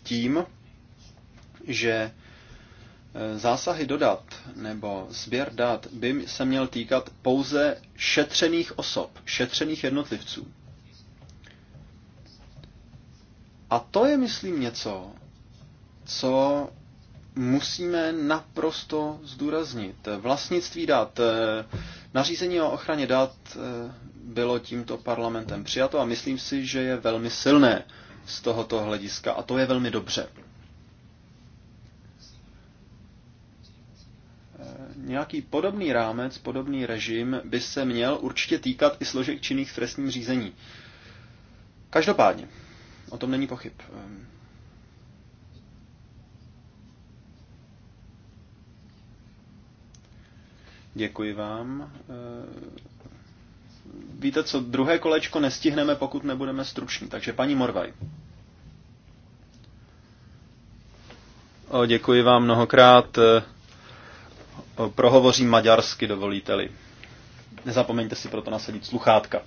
tím, že e, zásahy dodat nebo sběr dat by se měl týkat pouze šetřených osob, šetřených jednotlivců. A to je, myslím, něco, co musíme naprosto zdůraznit. Vlastnictví dat, eh, nařízení o ochraně dat eh, bylo tímto parlamentem přijato a myslím si, že je velmi silné z tohoto hlediska a to je velmi dobře. Eh, nějaký podobný rámec, podobný režim by se měl určitě týkat i složek činných v trestním řízení. Každopádně, O tom není pochyb. Ehm. Děkuji vám. Ehm. Víte co, druhé kolečko nestihneme, pokud nebudeme struční. Takže paní Morvaj. O, děkuji vám mnohokrát. Prohovořím maďarsky, dovolíte-li. Nezapomeňte si proto nasadit sluchátka.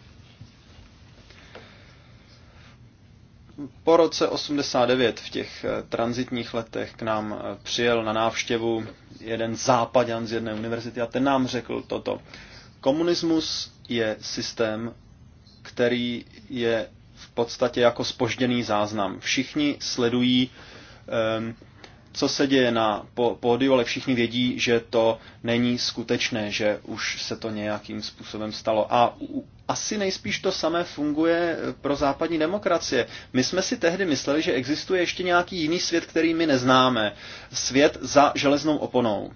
po roce 89 v těch eh, transitních letech k nám eh, přijel na návštěvu jeden západan z jedné univerzity a ten nám řekl toto. Komunismus je systém, který je v podstatě jako spožděný záznam. Všichni sledují, ehm, co se děje na pódiu, ale všichni vědí, že to není skutečné, že už se to nějakým způsobem stalo. A asi nejspíš to samé funguje eh, pro západní demokracie. My jsme si tehdy mysleli, že existuje ještě nějaký jiný svět, který my neznáme. Svět za železnou oponou.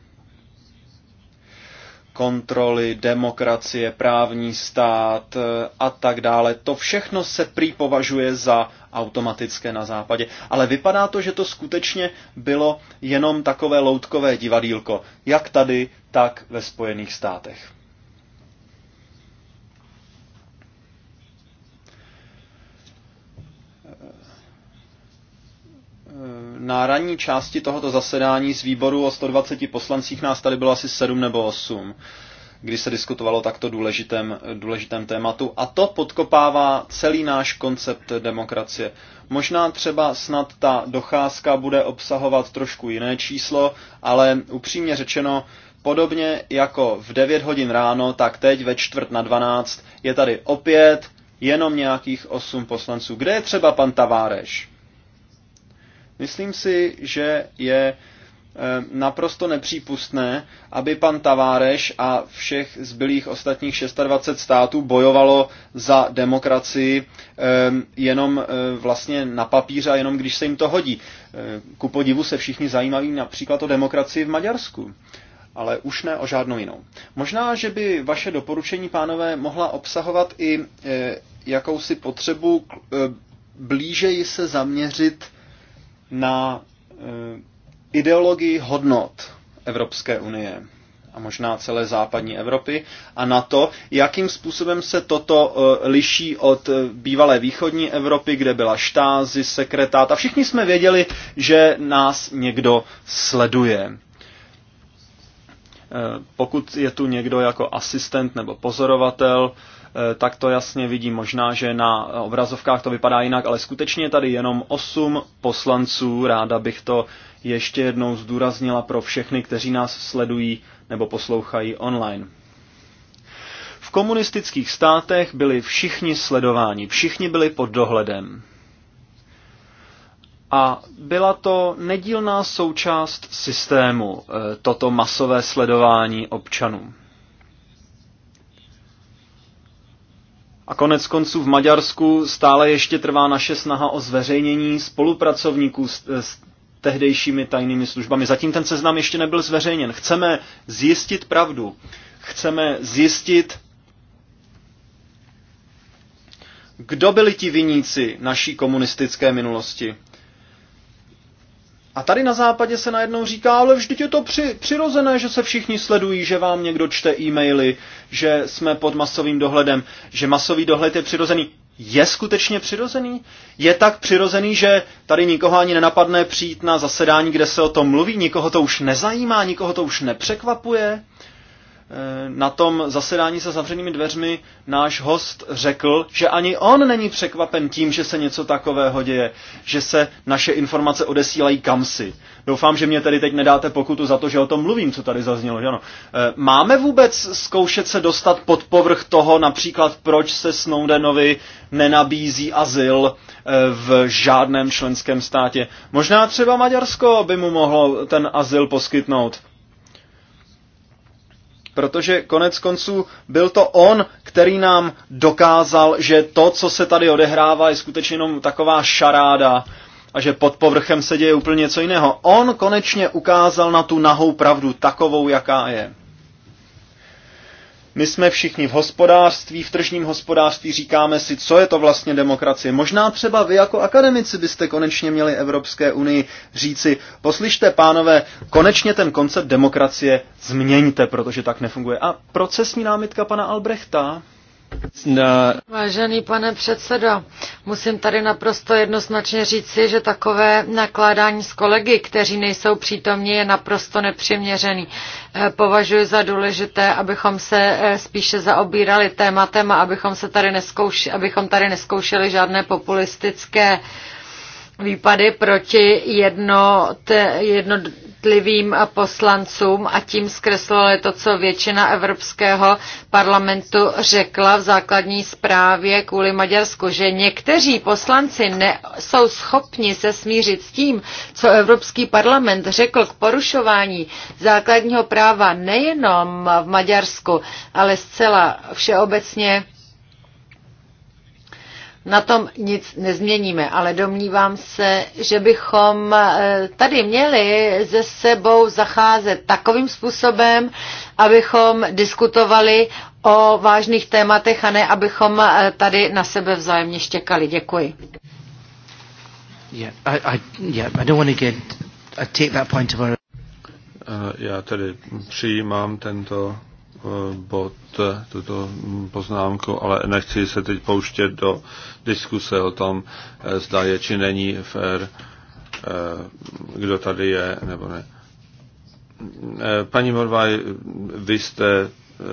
Kontroly, demokracie, právní stát eh, a tak dále. To všechno se prý považuje za automatické na západě. Ale vypadá to, že to skutečně bylo jenom takové loutkové divadílko, jak tady, tak ve Spojených státech. Na ranní části tohoto zasedání z výboru o 120 poslancích nás tady bylo asi 7 nebo 8, kdy se diskutovalo o takto důležitém, důležitém tématu. A to podkopává celý náš koncept demokracie. Možná třeba snad ta docházka bude obsahovat trošku jiné číslo, ale upřímně řečeno, podobně jako v 9 hodin ráno, tak teď ve čtvrt na 12 je tady opět jenom nějakých 8 poslanců. Kde je třeba pan Taváreš? Myslím si, že je eh, naprosto nepřípustné, aby pan Taváreš a všech zbylých ostatních 26 států bojovalo za demokracii eh, jenom eh, vlastně na papíře a jenom když se jim to hodí. Ku podivu se všichni zajímaví například o demokracii v Maďarsku ale už ne o žádnou jinou. Možná, že by vaše doporučení, pánové, mohla obsahovat i jakousi potřebu blížeji se zaměřit na eh, ideologii hodnot Evropské unie a možná celé západní Evropy a na to, jakým způsobem se toto eh, liší od eh, bývalé východní Evropy, kde byla štázy, sekretát a všichni jsme věděli, že nás někdo sleduje. Pokud je tu někdo jako asistent nebo pozorovatel, Eh, tak to jasně vidí. Možná, že na obrazovkách to vypadá jinak, ale skutečně tady jenom 8 poslanců. Ráda bych to ještě jednou zdůraznila pro všechny, kteří nás sledují nebo poslouchají online. V komunistických státech byli všichni sledováni, všichni byli pod dohledem. A byla to nedílná součást systému, eh, toto masové sledování občanů. A konec konců v Maďarsku stále ještě trvá naše snaha o zveřejnění spolupracovníků s, s tehdejšími tajnými službami. Zatím ten seznam ještě nebyl zveřejněn. Chceme zjistit pravdu. Chceme zjistit, kdo byli ti viníci naší komunistické minulosti. A tady na západě se najednou říká, ale vždyť je to při, přirozené, že se všichni sledují, že vám někdo čte e-maily, že jsme pod masovým dohledem, že masový dohled je přirozený. Je skutečně přirozený? Je tak přirozený, že tady nikoho ani nenapadne přijít na zasedání, kde se o tom mluví, nikoho to už nezajímá, nikoho to už nepřekvapuje? Eh, na tom zasedání se zavřenými dveřmi náš host řekl, že ani on není překvapen tím, že se něco takového děje, že se naše informace odesílají kamsi. Doufám, že mě tedy teď nedáte pokutu za to, že o tom mluvím, co tady zaznělo. Že ano. Eh, máme vůbec zkoušet se dostat pod povrch toho, například proč se Snowdenovi nenabízí azyl eh, v žádném členském státě. Možná třeba Maďarsko by mu mohlo ten azyl poskytnout protože konec konců byl to on, který nám dokázal, že to, co se tady odehrává, je skutečně jenom taková šaráda a že pod povrchem se děje úplně něco jiného. On konečně ukázal na tu nahou pravdu, takovou, jaká je. My jsme všichni v hospodářství, v tržním hospodářství, říkáme si, co je to vlastně demokracie. Možná třeba vy jako akademici byste konečně měli Evropské unii říci, poslyšte pánové, konečně ten koncept demokracie změňte, protože tak nefunguje. A procesní námitka pana Albrechta, Vážený pane předsedo, musím tady naprosto jednoznačně říci, že takové nakládání s kolegy, kteří nejsou přítomní, je naprosto nepřiměřený. Eh, považuji za důležité, abychom se eh, spíše zaobírali tématem a abychom, se tady, neskouši, abychom tady neskoušeli žádné populistické uh, výpady proti jednot, jednotlivým poslancům a tím zkreslili to, co většina Evropského parlamentu řekla v základní zprávě kvůli Maďarsku, že někteří poslanci ne, jsou schopni se smířit s tím, co Evropský parlament řekl k porušování základního práva nejenom v Maďarsku, ale zcela všeobecně na tom nic nezměníme, ale domnívám se, že bychom eh, tady měli ze sebou zacházet takovým způsobem, abychom diskutovali o vážných tématech a ne abychom eh, tady na sebe vzájemně štěkali. Děkuji. Já tady přijímám tento bod, tuto poznámku, ale nechci se teď pouštět do diskuse o tom, eh, zda je či není fér, eh, kdo tady je nebo ne. Eh, paní Morvaj, vy jste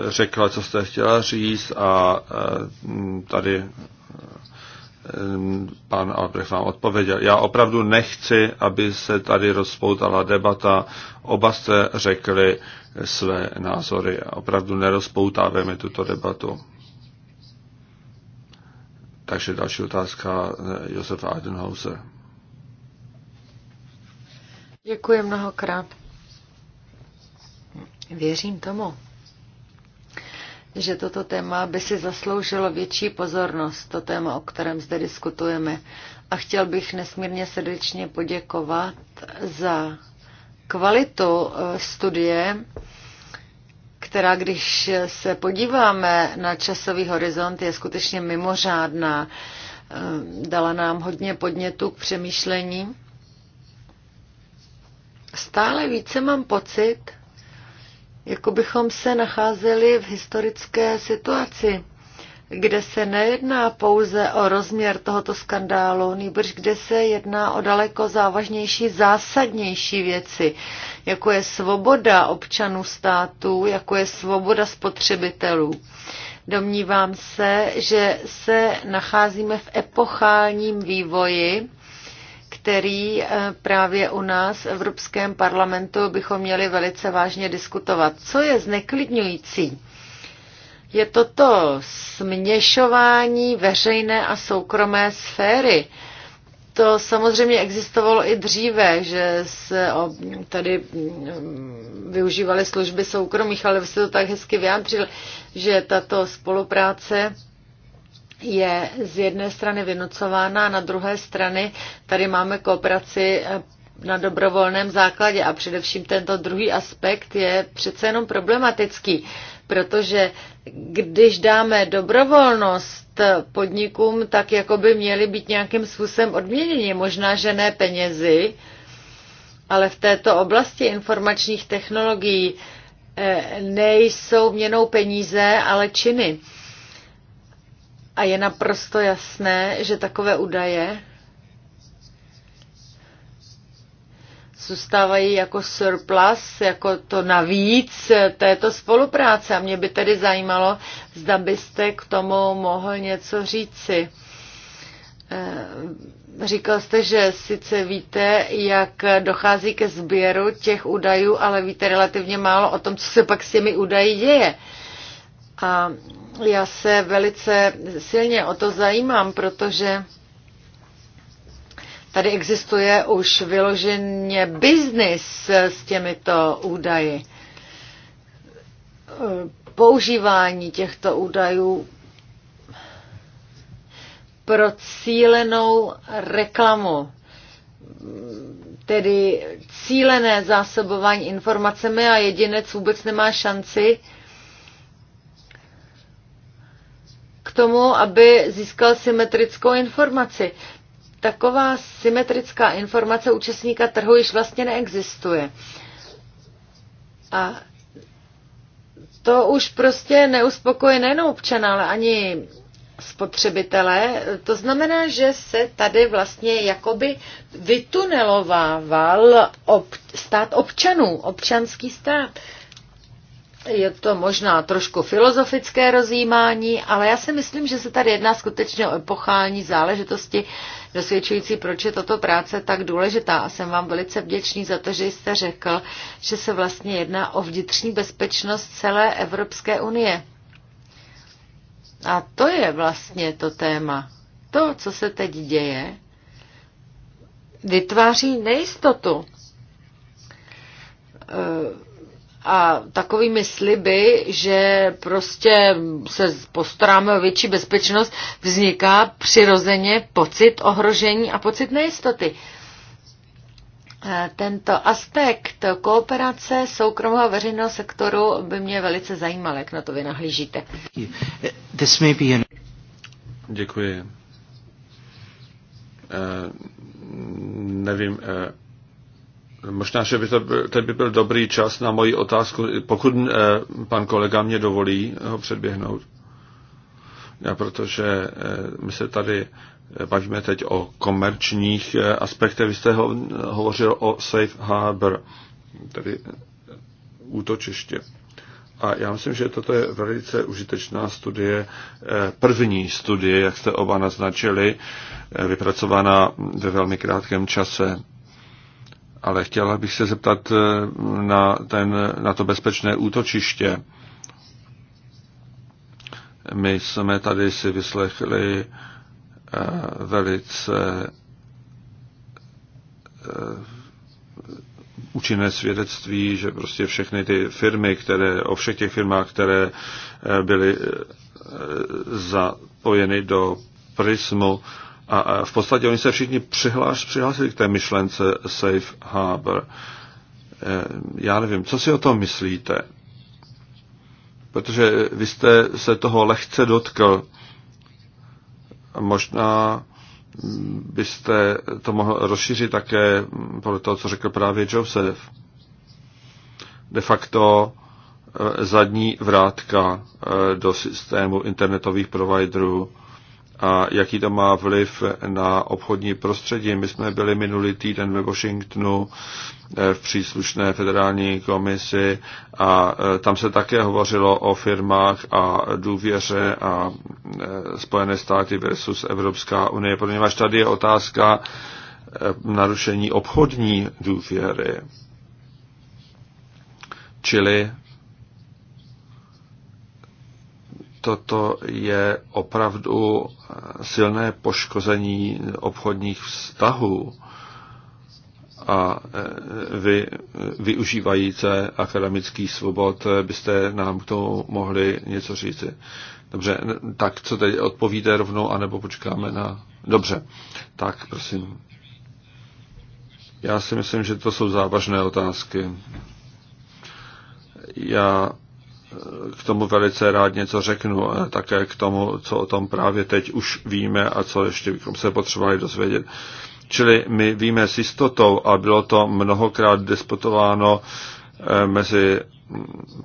řekla, co jste chtěla říct a tady pan Albrecht vám odpověděl. Já opravdu nechci, aby se tady rozpoutala debata. Oba jste řekli, své názory a opravdu nerozpoutáváme tuto debatu. Takže další otázka eh, Josef Adenhauser. Děkuji mnohokrát. Věřím tomu, že toto téma by si zasloužilo větší pozornost, to téma, o kterém zde diskutujeme. A chtěl bych nesmírně srdečně poděkovat za kvalitu eh, studie, která, když se podíváme na časový horizont, je skutečně mimořádná. Eh, dala nám hodně podnětů k přemýšlení. Stále více mám pocit, jako bychom se nacházeli v historické situaci kde se nejedná pouze o rozměr tohoto skandálu, nýbrž kde se jedná o daleko závažnější, zásadnější věci, jako je svoboda občanů států, jako je svoboda spotřebitelů. Domnívám se, že se nacházíme v epochálním vývoji, který eh, právě u nás v Evropském parlamentu bychom měli velice vážně diskutovat. Co je zneklidňující? je toto směšování veřejné a soukromé sféry. To samozřejmě existovalo i dříve, že se tady mm, využívaly služby soukromých, ale vy jste to tak hezky vyjádřil, že tato spolupráce je z jedné strany vynucována na druhé strany tady máme kooperaci eh, na dobrovolném základě a především tento druhý aspekt je přece jenom problematický, protože když dáme dobrovolnost podnikům, tak jako by měly být nějakým způsobem odměněni, možná, že ne penězi, ale v této oblasti informačních technologií eh, nejsou měnou peníze, ale činy. A je naprosto jasné, že takové údaje zůstávají jako surplus, jako to navíc této spolupráce. A mě by tedy zajímalo, zda byste k tomu mohl něco říci. Eh, říkal jste, že sice víte, jak dochází ke sběru těch údajů, ale víte relativně málo o tom, co se pak s těmi údaji děje. A já se velice silně o to zajímám, protože Tady existuje už vyloženě biznis s těmito údaji. Používání těchto údajů pro cílenou reklamu, tedy cílené zásobování informacemi a jedinec vůbec nemá šanci k tomu, aby získal symetrickou informaci taková symetrická informace účastníka trhu již vlastně neexistuje. A to už prostě neuspokoje nejen občana, ale ani spotřebitele. To znamená, že se tady vlastně jakoby vytunelovával ob, stát občanů, občanský stát. Uh, je to možná trošku filozofické rozjímání, ale já si myslím, že se tady jedná skutečně o epochální záležitosti, dosvědčující, proč je tato práce tak důležitá. A jsem vám velice vděčný za to, že jste řekl, že se vlastně jedná o vnitřní bezpečnost celé Evropské unie. A to je vlastně to téma. To, co se teď děje, vytváří nejistotu. E a takovými sliby, že prostě se postaráme o větší bezpečnost, vzniká přirozeně pocit ohrožení a pocit nejistoty. E, tento aspekt kooperace soukromého veřejného sektoru by mě velice zajímal, jak na to vy nahlížíte. Děkuji. Uh, nevím, uh, Možná, že by to byl, teď by byl dobrý čas na moji otázku, pokud eh, pan kolega mě dovolí ho předběhnout. Já, protože eh, my se tady eh, bavíme teď o komerčních aspektech. Vy jste ho, hovořil o safe harbor, tedy útočiště. A já myslím, že toto je velice užitečná studie, první studie, jak jste oba naznačili, vypracovaná ve velmi krátkém čase ale chtěla bych se zeptat eh, na, ten, na to bezpečné útočiště. My jsme tady si vyslechli eh, velice eh, účinné svědectví, že prostě všechny ty firmy, které, o všech těch firmách, které byly zapojeny do prismu, a v podstatě oni se všichni přihlásili k té myšlence Safe Harbor. E, já nevím, co si o tom myslíte? Protože vy jste se toho lehce dotkl. Možná byste to mohl rozšířit také podle toho, co řekl právě Joseph. De facto e, zadní vrátka e, do systému internetových providerů a jaký to má vliv na obchodní prostředí. My jsme byli minulý týden ve Washingtonu eh, v příslušné federální komisi a eh, tam se také hovořilo o firmách a důvěře a eh, Spojené státy versus Evropská unie, poněvadž tady je otázka narušení obchodní důvěry. Čili toto je opravdu eh, silné poškození obchodních vztahů a eh, vy, eh, využívajíce akademický svobod, byste nám k tomu mohli něco říci. Dobře, tak co teď odpovíte rovnou, anebo počkáme na... Dobře, tak prosím. Já si myslím, že to jsou závažné otázky. Já k tomu velice rád něco řeknu, a také k tomu, co o tom právě teď už víme a co ještě bychom se potřebovali dozvědět. Čili my víme s jistotou, a bylo to mnohokrát disputováno eh, mezi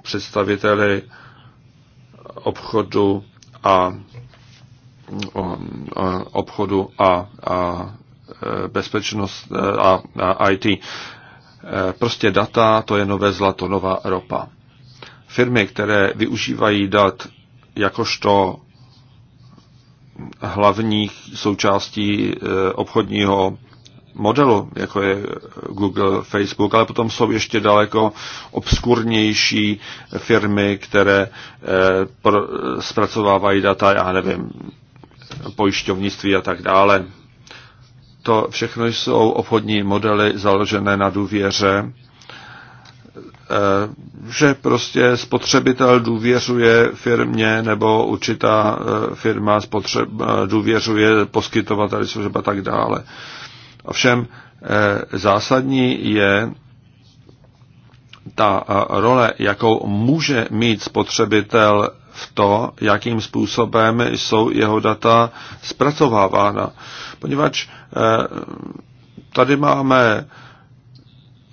představiteli obchodu a, obchodu a, a eh, bezpečnost eh, a, a IT. Prostě data, to je nové zlato, nová ropa. Firmy, které využívají dat jakožto hlavních součástí eh, obchodního modelu, jako je Google, Facebook, ale potom jsou ještě daleko obskurnější firmy, které eh, zpracovávají data, já nevím, pojišťovnictví a tak dále. To všechno jsou obchodní modely založené na důvěře Eh, že prostě spotřebitel důvěřuje firmě nebo určitá eh, firma spotřeb, eh, důvěřuje poskytovateli služeb a tak dále. Ovšem zásadní je ta role, jakou může mít spotřebitel v to, jakým způsobem jsou jeho data zpracovávána. Poněvadž tady máme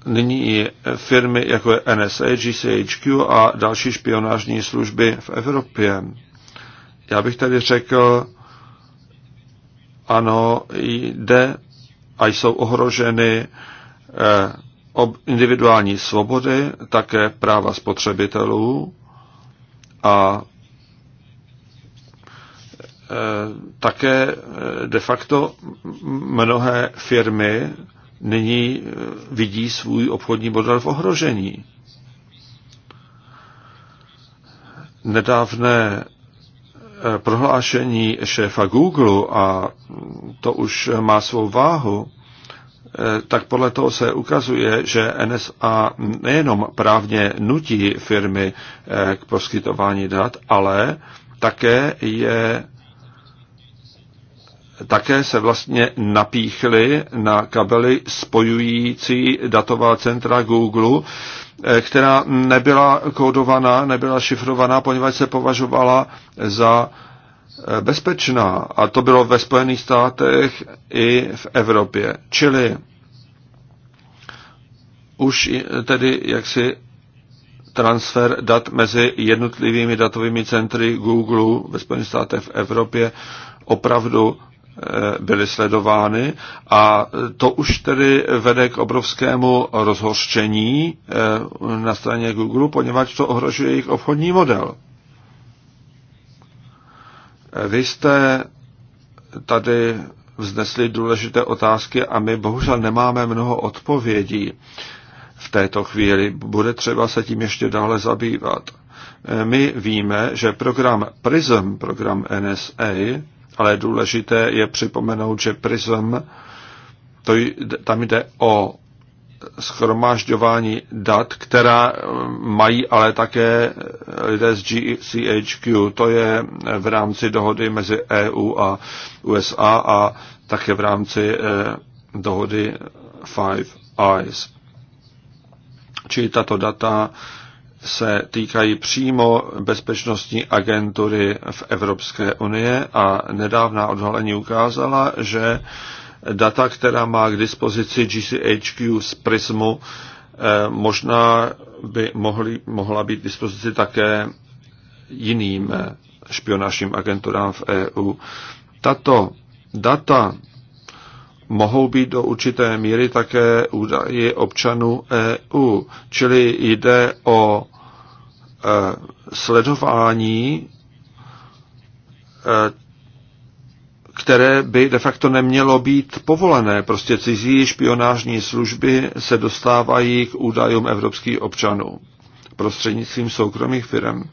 Nyní i firmy jako je NSA, GCHQ a další špionážní služby v Evropě. Já bych tady řekl, ano, jde a jsou ohroženy eh, individuální svobody, také práva spotřebitelů a eh, také eh, de facto mnohé firmy nyní eh, vidí svůj obchodní model v ohrožení. Nedávné eh, prohlášení šéfa Google, a to už má svou váhu, eh, tak podle toho se ukazuje, že NSA nejenom právně nutí firmy k poskytování dat, ale také je také se vlastně napíchly na kabely spojující datová centra Google, eh, která nebyla kódovaná, nebyla šifrovaná, poněvadž se považovala za eh, bezpečná. A to bylo ve Spojených státech i v Evropě. Čili už eh, tedy jaksi transfer dat mezi jednotlivými datovými centry Google ve Spojených státech v Evropě opravdu Eh, byly sledovány a to už tedy vede k obrovskému rozhořčení eh, na straně Google, poněvadž to ohrožuje jejich obchodní model. Eh, vy jste tady vznesli důležité otázky a my bohužel nemáme mnoho odpovědí v této chvíli. Bude třeba se tím ještě dále zabývat. My víme, že program PRISM, program NSA, ale důležité je připomenout, že PRISM, to, tam jde o schromážďování dat, která eh, mají ale také eh, lidé z GCHQ. To je v rámci dohody mezi EU a USA a také v rámci eh, dohody Five Eyes. Čili tato data se týkají přímo bezpečnostní agentury v Evropské unie a nedávná odhalení ukázala, že data, která má k dispozici GCHQ z Prismu, eh, možná by mohly, mohla být k dispozici také jiným eh, špionážním agenturám v EU. Tato data mohou být do určité míry také údaje občanů EU, čili jde o Eh, sledování, eh, které by de facto nemělo být povolené. Prostě cizí špionážní služby se dostávají k údajům evropských občanů prostřednictvím soukromých firm.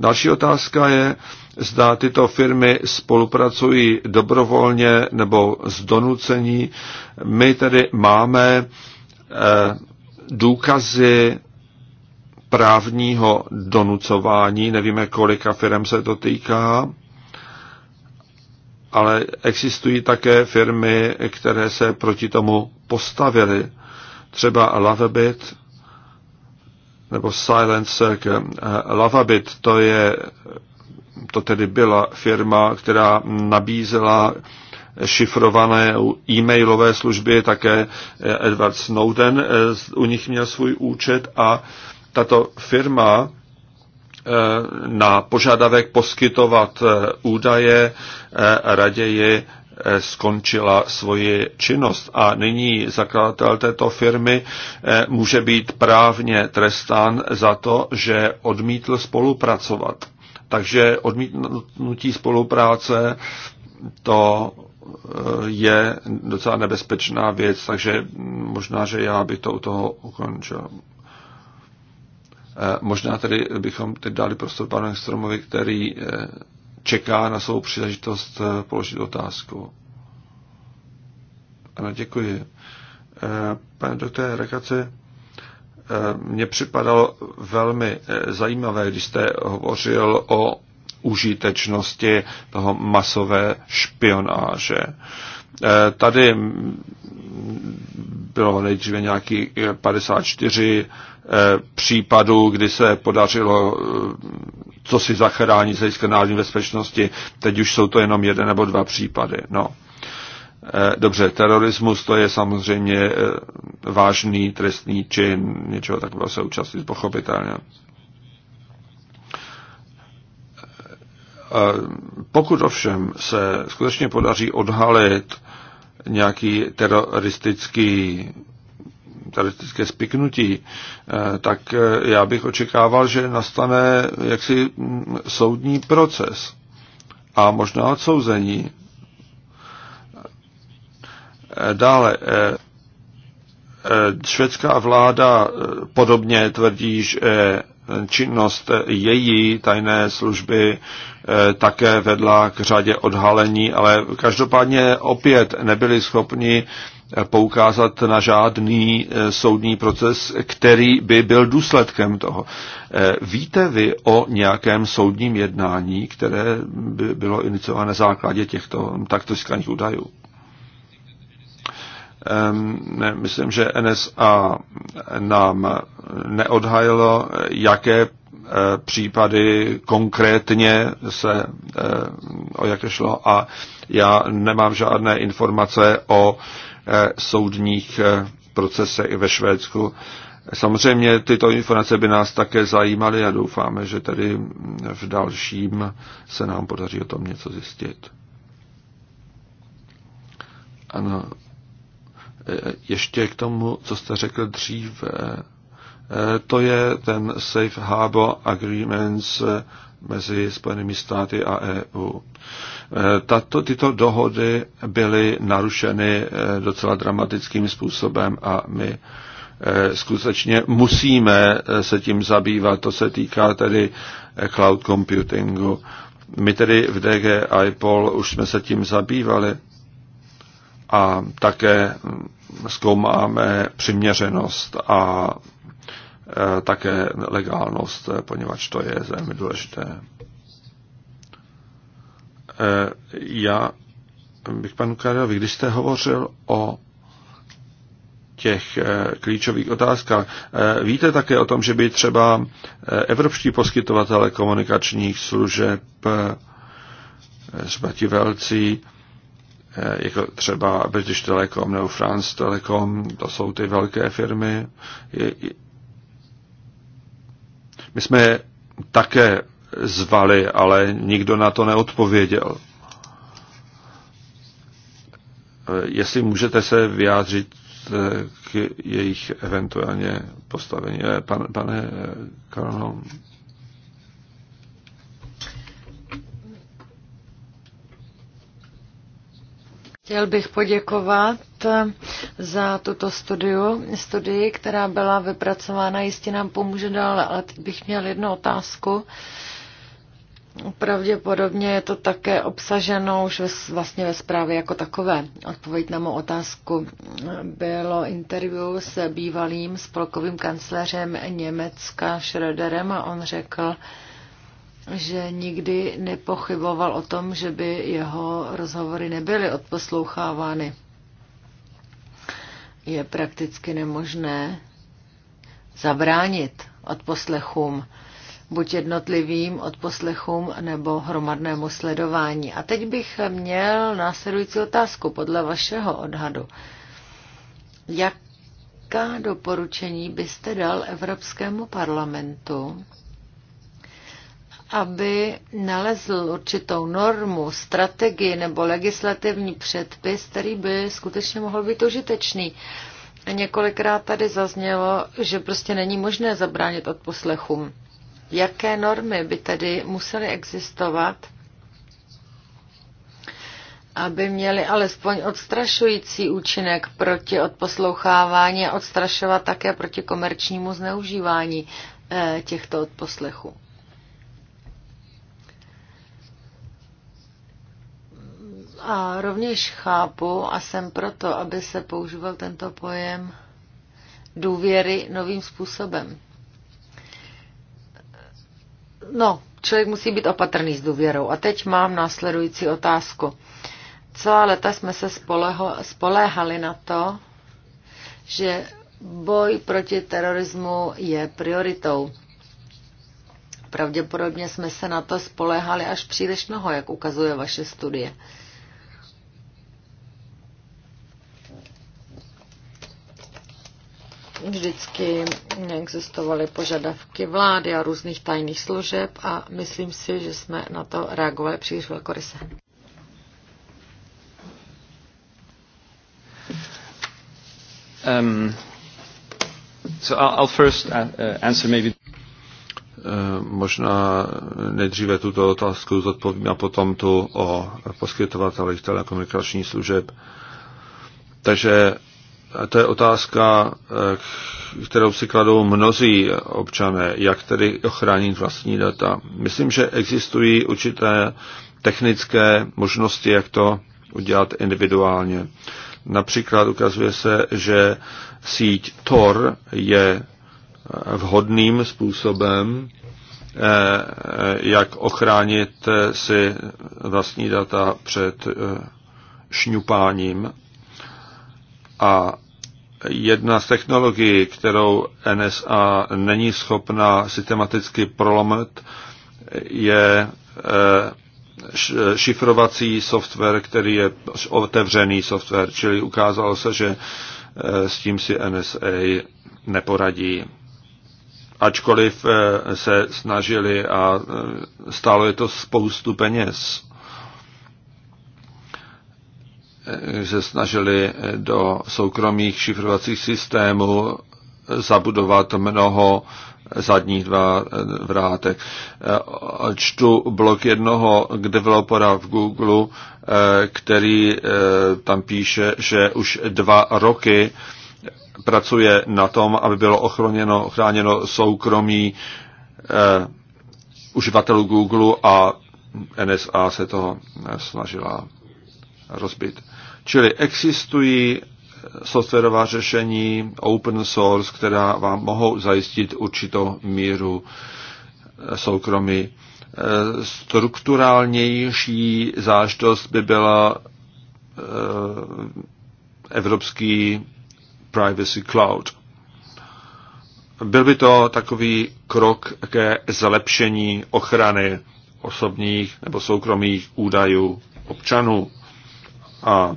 Další otázka je, zda tyto firmy spolupracují dobrovolně nebo z donucení. My tedy máme eh, důkazy právního donucování, nevíme, kolika firm se to týká, ale existují také firmy, které se proti tomu postavily. Třeba Lavabit nebo Silent Circle. Lavabit to je, to tedy byla firma, která nabízela šifrované e-mailové služby, také Edward Snowden eh, u nich měl svůj účet a tato firma eh, na požadavek poskytovat eh, údaje eh, raději skončila svoji činnost. A nyní zakladatel této firmy může být právně trestán za to, že odmítl spolupracovat. Takže odmítnutí spolupráce to je docela nebezpečná věc, takže možná, že já bych to u toho ukončil. Eh, možná tedy bychom teď dali prostor panu Stromovi, který eh, čeká na svou příležitost eh, položit otázku. Ano, děkuji. Pane doktore Rekace, mně připadalo velmi zajímavé, když jste hovořil o užitečnosti toho masové špionáže. Tady bylo nejdříve nějaký 54 Eh, případů, kdy se podařilo eh, co si zachránit z hlediska národní bezpečnosti. Teď už jsou to jenom jeden nebo dva případy. No. Eh, dobře, terorismus to je samozřejmě vážný trestný čin, něčeho takového se účastnit pochopitelně. Pokud ovšem se skutečně podaří odhalit nějaký teroristický teroristické spiknutí, eh, tak eh, já bych očekával, že nastane jaksi mm, soudní proces a možná odsouzení. Eh, dále, švédská vláda podobně tvrdí, že činnost její tajné služby také vedla k řadě odhalení, ale každopádně opět nebyli schopni poukázat na žádný eh, soudní proces, který by byl důsledkem toho. Eh, víte vy o nějakém soudním jednání, které by bylo iniciováno na základě těchto takto získaných údajů? Ehm, ne, myslím, že NSA nám neodhajilo, jaké eh, případy konkrétně se, o jaké šlo a já nemám žádné informace o Eh, soudních eh, i ve Švédsku. Samozřejmě tyto informace by nás také zajímaly a doufáme, že tedy v dalším se nám podaří o tom něco zjistit. Ano, eh, ještě k tomu, co jste řekl dříve, to je ten Safe Harbor Agreements mezi Spojenými státy a EU. Tato, tyto dohody byly narušeny eh, docela dramatickým způsobem a my eh, skutečně musíme eh, se tím zabývat. To se týká tedy cloud computingu. My tedy v DG IPOL už jsme se tím zabývali a také hm, zkoumáme přiměřenost a také legálnost, poněvadž to je velmi důležité. Eh, já bych panu Karelovi, když jste hovořil o těch eh, klíčových otázkách. Eh, víte také o tom, že by třeba evropští poskytovatele komunikačních služeb, třeba ti velcí, jako třeba British Telecom nebo France Telecom, to jsou ty velké firmy. My jsme také zvali, ale nikdo na to neodpověděl. Eh, jestli můžete se vyjádřit eh, k jejich eventuálně postavení. Eh, pan, pane Karno. Chtěl bych poděkovat za tuto studiu, studii, která byla vypracována, jistě nám pomůže dál, ale teď bych měl jednu otázku. Uh, Pravděpodobně je to také obsaženo už ve, vlastně ve zprávě jako takové. Odpověď na mou otázku. Bylo interview s bývalým spolkovým kancléřem Německa Schröderem a on řekl, že nikdy nepochyboval o tom, že by jeho rozhovory nebyly odposlouchávány. Je prakticky nemožné zabránit odposlechům. poslechům buď jednotlivým odposlechům nebo hromadnému sledování. A teď bych měl následující otázku podle vašeho odhadu. Jaká doporučení byste dal Evropskému parlamentu, aby nalezl určitou normu, strategii nebo legislativní předpis, který by skutečně mohl být užitečný? Několikrát tady zaznělo, že prostě není možné zabránit odposlechům. Jaké normy by tedy musely existovat, aby měly alespoň odstrašující účinek proti odposlouchávání a odstrašovat také proti komerčnímu zneužívání eh, těchto odposlechů. A rovněž chápu a jsem proto, aby se používal tento pojem důvěry novým způsobem. No, člověk musí být opatrný s důvěrou. A teď mám následující otázku. Celá leta jsme se spoleho, spoléhali na to, že boj proti terorismu je prioritou. Pravděpodobně jsme se na to spoléhali až příliš mnoho, jak ukazuje vaše studie. Uh, vždycky existovaly požadavky vlády a různých tajných služeb a myslím si, že jsme na to reagovali příliš velkoryse. Um, so I'll, I'll first uh, uh, answer maybe eh, možná nejdříve tuto otázku zodpovím a potom tu o poskytovatelích telekomunikačních služeb. Takže to je otázka, eh, kterou si kladou mnozí občané, jak tedy ochránit vlastní data. Myslím, že existují určité technické možnosti, jak to udělat individuálně. Například ukazuje se, že síť Tor je eh, vhodným způsobem, eh, jak ochránit si vlastní data před šňupáním a jedna z technologií, kterou NSA není schopna systematicky prolomit, je eh, eh, šifrovací software, který je otevřený software, čili ukázalo se, že eh, s tím si NSA neporadí. Ačkoliv se snažili a stálo je to spoustu peněz se snažili do soukromých šifrovacích systémů zabudovat mnoho zadních dva vrátek. Čtu blok jednoho developera v Google, který eh, tam píše, že už dva roky pracuje na tom, aby bylo ochroněno, ochráněno soukromí eh, uživatelů Google a NSA se toho snažila rozbit. Čili existují eh, softwarová řešení open source, která vám mohou zajistit určitou míru eh, soukromí. Eh, strukturálnější zážitost by byla evropský privacy cloud. Byl by to takový krok ke zlepšení ochrany osobních nebo soukromých údajů občanů. A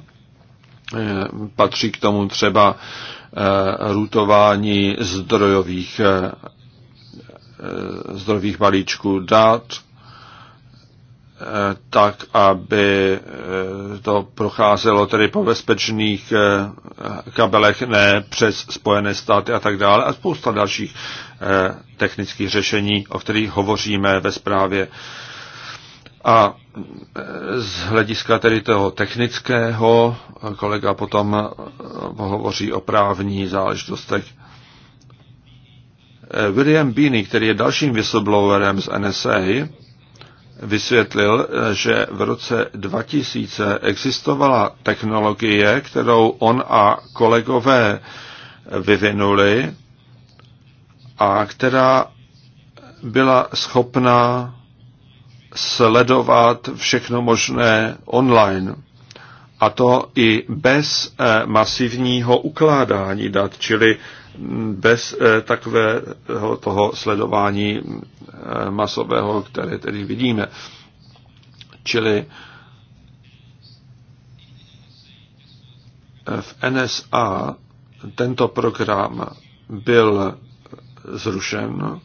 Eh, patří k tomu třeba eh, rutování zdrojových, eh, zdrojových balíčků dat, tak, aby to procházelo tedy po bezpečných kabelech, ne přes Spojené státy a tak dále a spousta dalších technických řešení, o kterých hovoříme ve zprávě. A e, z hlediska tedy toho technického, kolega potom e, hovoří o právní záležitostech. E, William Beany, který je dalším whistleblowerem z NSA, vysvětlil, že v roce 2000 existovala technologie, kterou on a kolegové vyvinuli a která byla schopná sledovat všechno možné online. A to i bez eh, masivního ukládání dat, čili bez eh, takového toho sledování eh, masového, které tedy vidíme. Čili v NSA tento program byl zrušen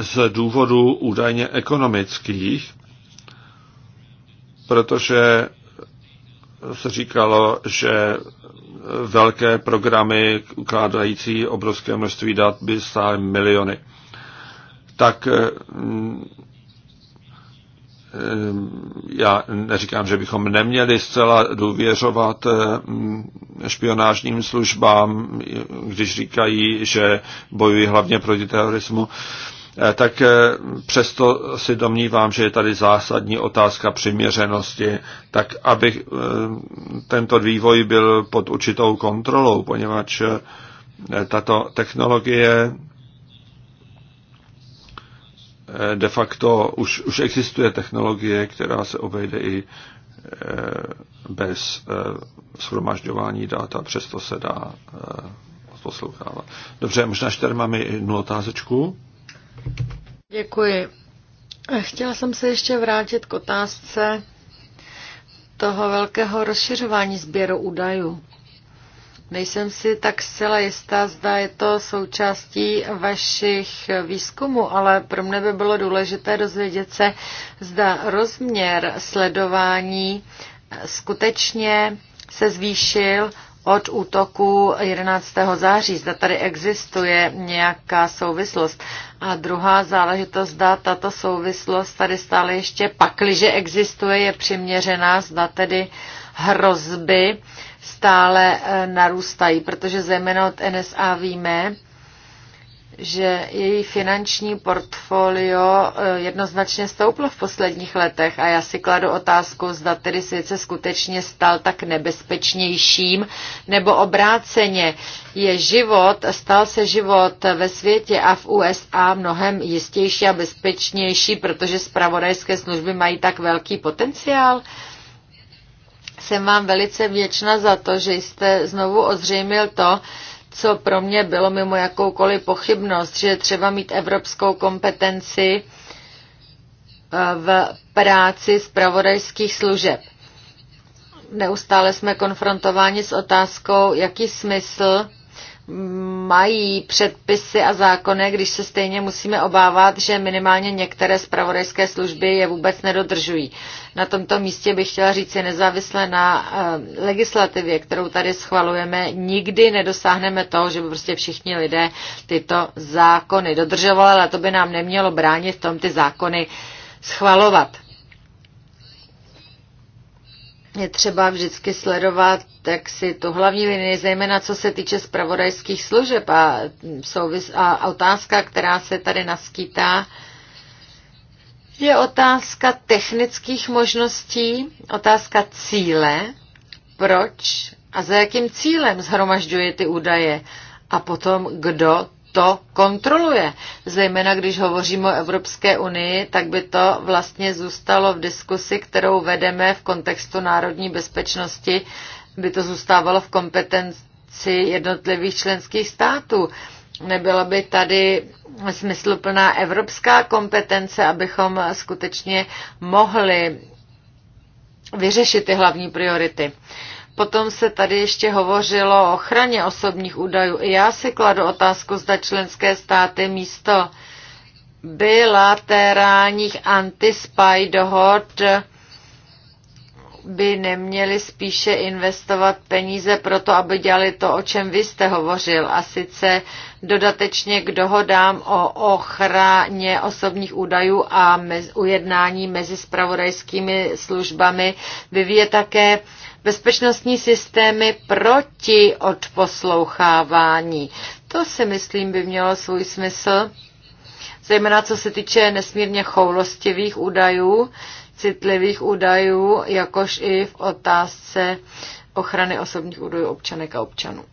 z důvodů údajně ekonomických, protože se říkalo, že velké programy ukládající obrovské množství dat by stály miliony. Tak mm, já neříkám, že bychom neměli zcela důvěřovat mm, špionážním službám, když říkají, že bojují hlavně proti terorismu, Eh, tak eh, přesto si domnívám, že je tady zásadní otázka přiměřenosti, tak aby eh, tento vývoj byl pod určitou kontrolou, poněvadž tato technologie de facto už, už existuje technologie, která se obejde i bez shromažďování dat a přesto se dá poslouchávat. Dobře, možná, že tady máme jednu otázečku. Děkuji. Chtěla jsem se ještě vrátit k otázce toho velkého rozšiřování sběru údajů. Nejsem si tak zcela jistá, zda je to součástí vašich výzkumů, ale pro mě by bylo důležité dozvědět se, zda rozměr sledování skutečně se zvýšil od útoku 11. září. Zda tady existuje nějaká souvislost. A druhá záležitost, zda tato souvislost tady stále ještě pakliže existuje, je přiměřená, zda tedy hrozby stále eh, narůstají, protože zejména od NSA víme, že její finanční portfolio eh, jednoznačně stouplo v posledních letech a já si kladu otázku, zda tedy svět se skutečně stal tak nebezpečnějším nebo obráceně. Je život, stal se život ve světě a v USA mnohem jistější a bezpečnější, protože zpravodajské služby mají tak velký potenciál jsem vám velice vděčná za to, že jste znovu ozřejmil to, co pro mě bylo mimo jakoukoliv pochybnost, že je třeba mít evropskou kompetenci eh, v práci zpravodajských služeb. Neustále jsme konfrontováni s otázkou, jaký smysl mají předpisy a zákony, když se stejně musíme obávat, že minimálně některé zpravodajské služby je vůbec nedodržují. Na tomto místě bych chtěla říct, že nezávisle na eh, legislativě, kterou tady schvalujeme, nikdy nedosáhneme toho, že by prostě všichni lidé tyto zákony dodržovali, ale to by nám nemělo bránit v tom ty zákony schvalovat je třeba vždycky sledovat tak si tu hlavní linii, zejména co se týče spravodajských služeb a, souvis, a otázka, která se tady naskýtá, je otázka technických možností, otázka cíle, proč a za jakým cílem zhromažďuje ty údaje a potom, kdo to kontroluje. Zejména když hovoříme o Evropské unii, tak by to vlastně zůstalo v diskusi, kterou vedeme v kontextu národní bezpečnosti, by to zůstávalo v kompetenci jednotlivých členských států. Nebyla by tady smysluplná evropská kompetence, abychom skutečně mohli vyřešit ty hlavní priority. Potom se tady ještě hovořilo o ochraně osobních údajů. I já si kladu otázku, zda členské státy místo bilaterálních anti-spy dohod by neměli spíše investovat peníze pro to, aby dělali to, o čem vy jste hovořil, a sice dodatečně k dohodám o ochraně osobních údajů a mez, ujednání mezi spravodajskými službami vyvíje také bezpečnostní systémy proti odposlouchávání. To si myslím by mělo svůj smysl, zejména co se týče nesmírně choulostivých údajů, citlivých údajů, jakož i v otázce ochrany osobních údajů občanek a občanů.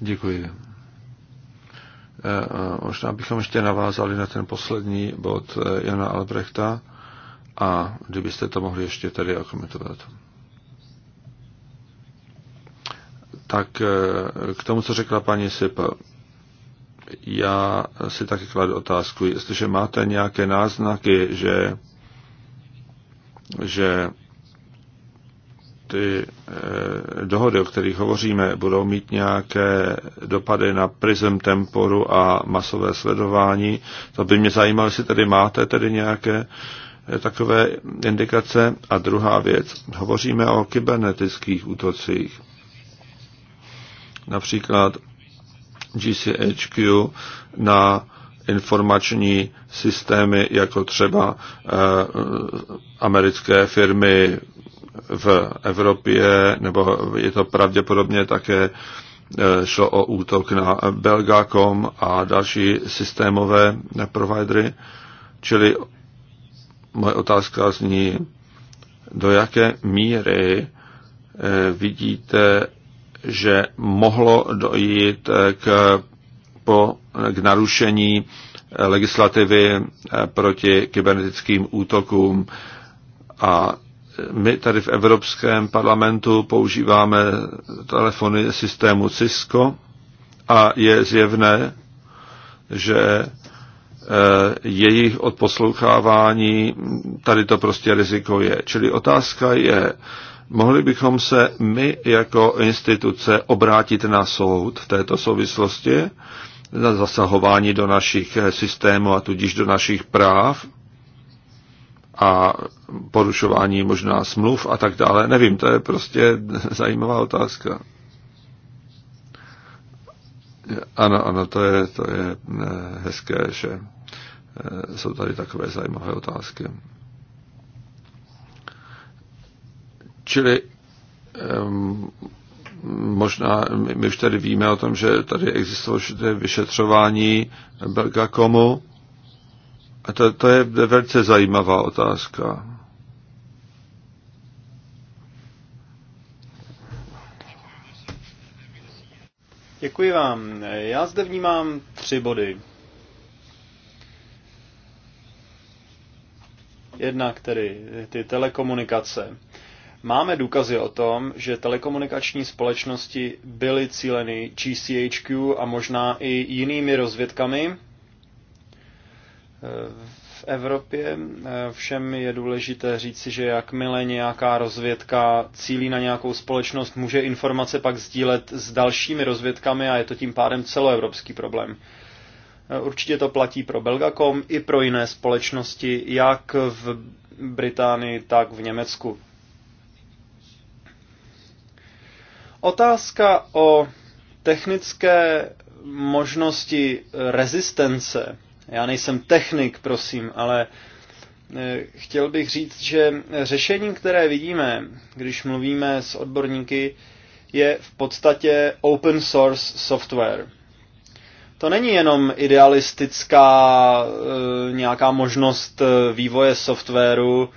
Děkuji. E, možná bychom ještě navázali na ten poslední bod e, Jana Albrechta. A kdybyste to mohli ještě tady okomentovat. Tak eh, k tomu, co řekla paní Sip, já si taky kladu otázku, jestliže máte nějaké náznaky, že, že ty eh, dohody, o kterých hovoříme, budou mít nějaké dopady na prism temporu a masové sledování, to by mě zajímalo, jestli tady máte tedy nějaké takové indikace. A druhá věc, hovoříme o kybernetických útocích. Například GCHQ na informační systémy, jako třeba eh, americké firmy v Evropě, nebo je to pravděpodobně také eh, šlo o útok na Belgacom a další systémové providery, čili moje otázka zní, do jaké míry eh, vidíte, že mohlo dojít eh, k, po, eh, k narušení legislativy proti kybernetickým útokům. A my tady v Evropském parlamentu používáme telefony systému Cisco a je zjevné, že Eh, jejich odposlouchávání, tady to prostě riziko je. Čili otázka je, mohli bychom se my jako instituce obrátit na soud v této souvislosti, na zasahování do našich eh, systémů a tudíž do našich práv a porušování možná smluv a tak dále. Nevím, to je prostě zajímavá otázka. Ano, ano, to je, to je eh, hezké, že Eh, jsou tady takové zajímavé otázky. Čili možná, my už tady víme o tom, že tady existovalo určité vyšetřování Belgakomu. A to, to je velice zajímavá otázka. Děkuji vám. Já zde vnímám tři body. Jednak tedy ty telekomunikace. Máme důkazy o tom, že telekomunikační společnosti byly cíleny GCHQ a možná i jinými rozvědkami. Eh, v Evropě eh, všem je důležité říci, že jakmile nějaká rozvědka cílí na nějakou společnost, může informace pak sdílet s dalšími rozvědkami a je to tím pádem celoevropský problém. Určitě to platí pro Belgacom i pro jiné společnosti, jak v Británii, tak v Německu. Otázka o technické možnosti rezistence. Já nejsem technik, prosím, ale eh, chtěl bych říct, že řešení, které vidíme, když mluvíme s odborníky, je v podstatě open source software. To není jenom idealistická eh, nějaká možnost eh, vývoje softwaru,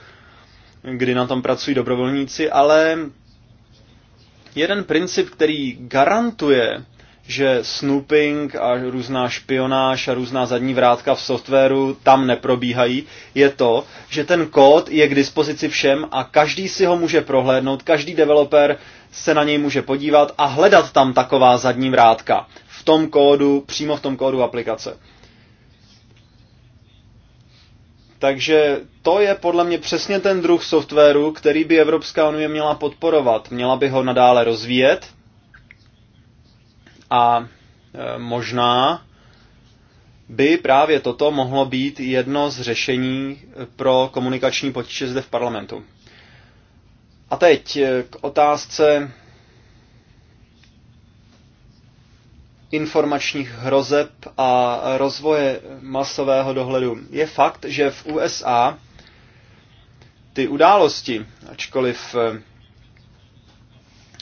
kdy na tom pracují dobrovolníci, ale jeden princip, který garantuje že snooping a různá špionáž a různá zadní vrátka v softwaru tam neprobíhají, je to, že ten kód je k dispozici všem a každý si ho může prohlédnout, každý developer se na něj může podívat a hledat tam taková zadní vrátka v tom kódu, přímo v tom kódu aplikace. Takže to je podle mě přesně ten druh softwaru, který by Evropská unie měla podporovat. Měla by ho nadále rozvíjet, a e, možná by právě toto mohlo být jedno z řešení pro komunikační potíže zde v parlamentu. A teď e, k otázce informačních hrozeb a rozvoje masového dohledu. Je fakt, že v USA ty události, ačkoliv e,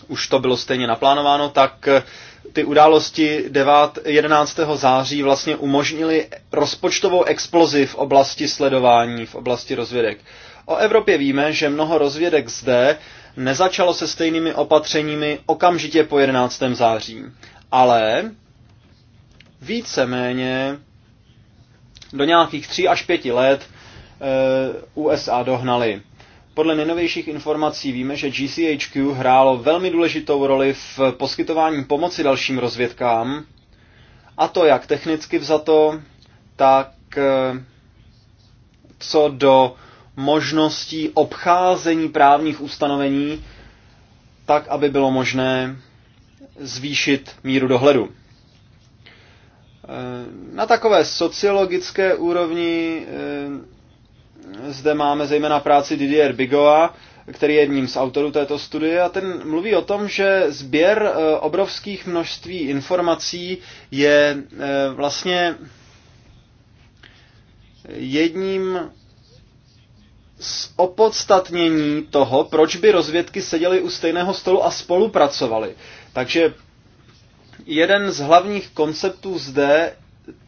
už to bylo stejně naplánováno, tak ty události 9, 11. září vlastně umožnily rozpočtovou explozi v oblasti sledování, v oblasti rozvědek. O Evropě víme, že mnoho rozvědek zde nezačalo se stejnými opatřeními okamžitě po 11. září, ale víceméně do nějakých 3 až 5 let e, eh, USA dohnali. Podle nejnovějších informací víme, že GCHQ hrálo velmi důležitou roli v poskytování pomoci dalším rozvědkám, a to jak technicky vzato, tak eh, co do možností obcházení právních ustanovení, tak aby bylo možné zvýšit míru dohledu. Eh, na takové sociologické úrovni eh, zde máme zejména práci Didier Bigoa, který je jedním z autorů této studie a ten mluví o tom, že sběr eh, obrovských množství informací je eh, vlastně jedním z opodstatnění toho, proč by rozvědky seděly u stejného stolu a spolupracovaly. Takže jeden z hlavních konceptů zde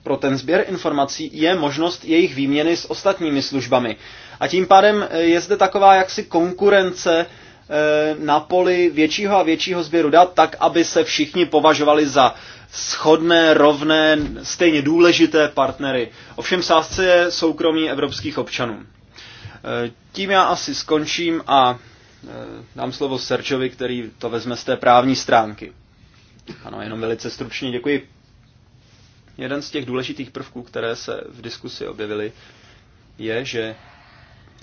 pro ten sběr informací je možnost jejich výměny s ostatními službami. A tím pádem e, je zde taková jaksi konkurence e, na poli většího a většího sběru dat, tak aby se všichni považovali za schodné, rovné, stejně důležité partnery. Ovšem sázce je soukromí evropských občanů. E, tím já asi skončím a dám slovo Serčovi, který to vezme z té právní stránky. Ano, jenom velice stručně děkuji Jeden z těch důležitých prvků, které se v diskusi objevily, je, že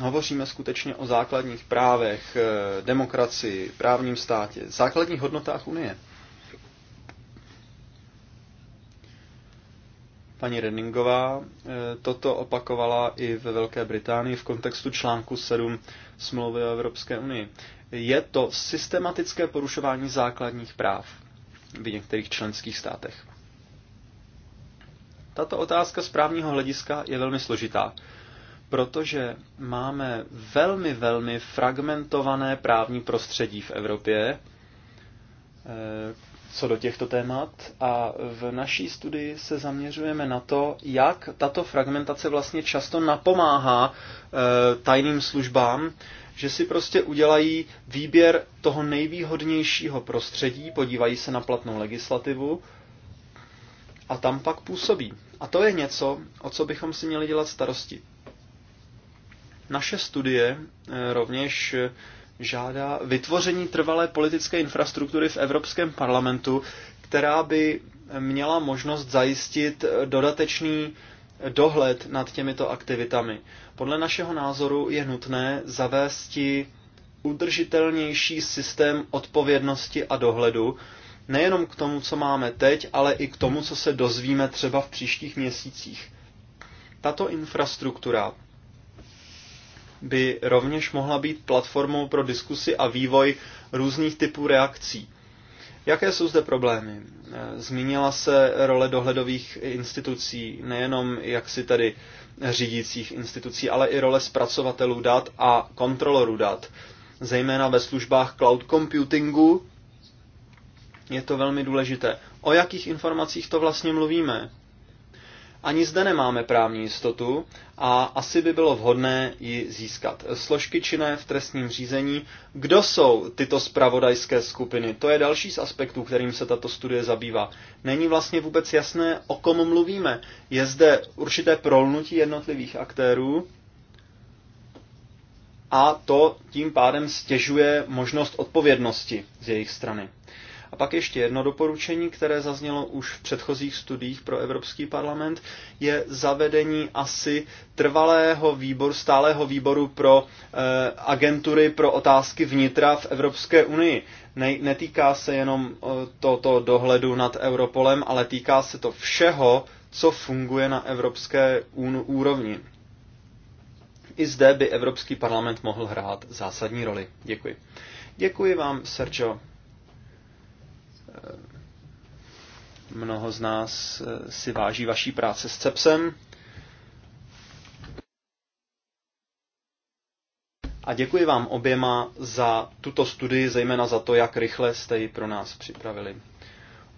hovoříme skutečně o základních právech, eh, demokracii, právním státě, základních hodnotách Unie. Paní Redningová eh, toto opakovala i ve Velké Británii v kontextu článku 7 smlouvy o Evropské unii. Je to systematické porušování základních práv v některých členských státech. Tato otázka z právního hlediska je velmi složitá, protože máme velmi, velmi fragmentované právní prostředí v Evropě eh, co do těchto témat a v naší studii se zaměřujeme na to, jak tato fragmentace vlastně často napomáhá eh, tajným službám, že si prostě udělají výběr toho nejvýhodnějšího prostředí, podívají se na platnou legislativu a tam pak působí. A to je něco, o co bychom si měli dělat starosti. Naše studie eh, rovněž eh, žádá vytvoření trvalé politické infrastruktury v Evropském parlamentu, která by měla možnost zajistit dodatečný dohled nad těmito aktivitami. Podle našeho názoru je nutné zavést udržitelnější systém odpovědnosti a dohledu, nejenom k tomu, co máme teď, ale i k tomu, co se dozvíme třeba v příštích měsících. Tato infrastruktura by rovněž mohla být platformou pro diskusy a vývoj různých typů reakcí. Jaké jsou zde problémy? Eh, zmínila se role dohledových institucí, nejenom jak si řídících institucí, ale i role zpracovatelů dat a kontrolorů dat, zejména ve službách cloud computingu, je to velmi důležité. O jakých informacích to vlastně mluvíme? Ani zde nemáme právní jistotu a asi by bylo vhodné ji získat. Složky činné v trestním řízení. Kdo jsou tyto spravodajské skupiny? To je další z aspektů, kterým se tato studie zabývá. Není vlastně vůbec jasné, o kom mluvíme. Je zde určité prolnutí jednotlivých aktérů a to tím pádem stěžuje možnost odpovědnosti z jejich strany. A pak ještě jedno doporučení, které zaznělo už v předchozích studiích pro Evropský parlament, je zavedení asi trvalého výboru, stálého výboru pro e, agentury pro otázky vnitra v Evropské unii. Ne, netýká se jenom e, eh, toto dohledu nad Europolem, ale týká se to všeho, co funguje na evropské úrovni. I zde by Evropský parlament mohl hrát zásadní roli. Děkuji. Děkuji vám, Sergio. Mnoho z nás eh, si váží vaší práce s CEPSem. A děkuji vám oběma za tuto studii, zejména za to, jak rychle jste ji pro nás připravili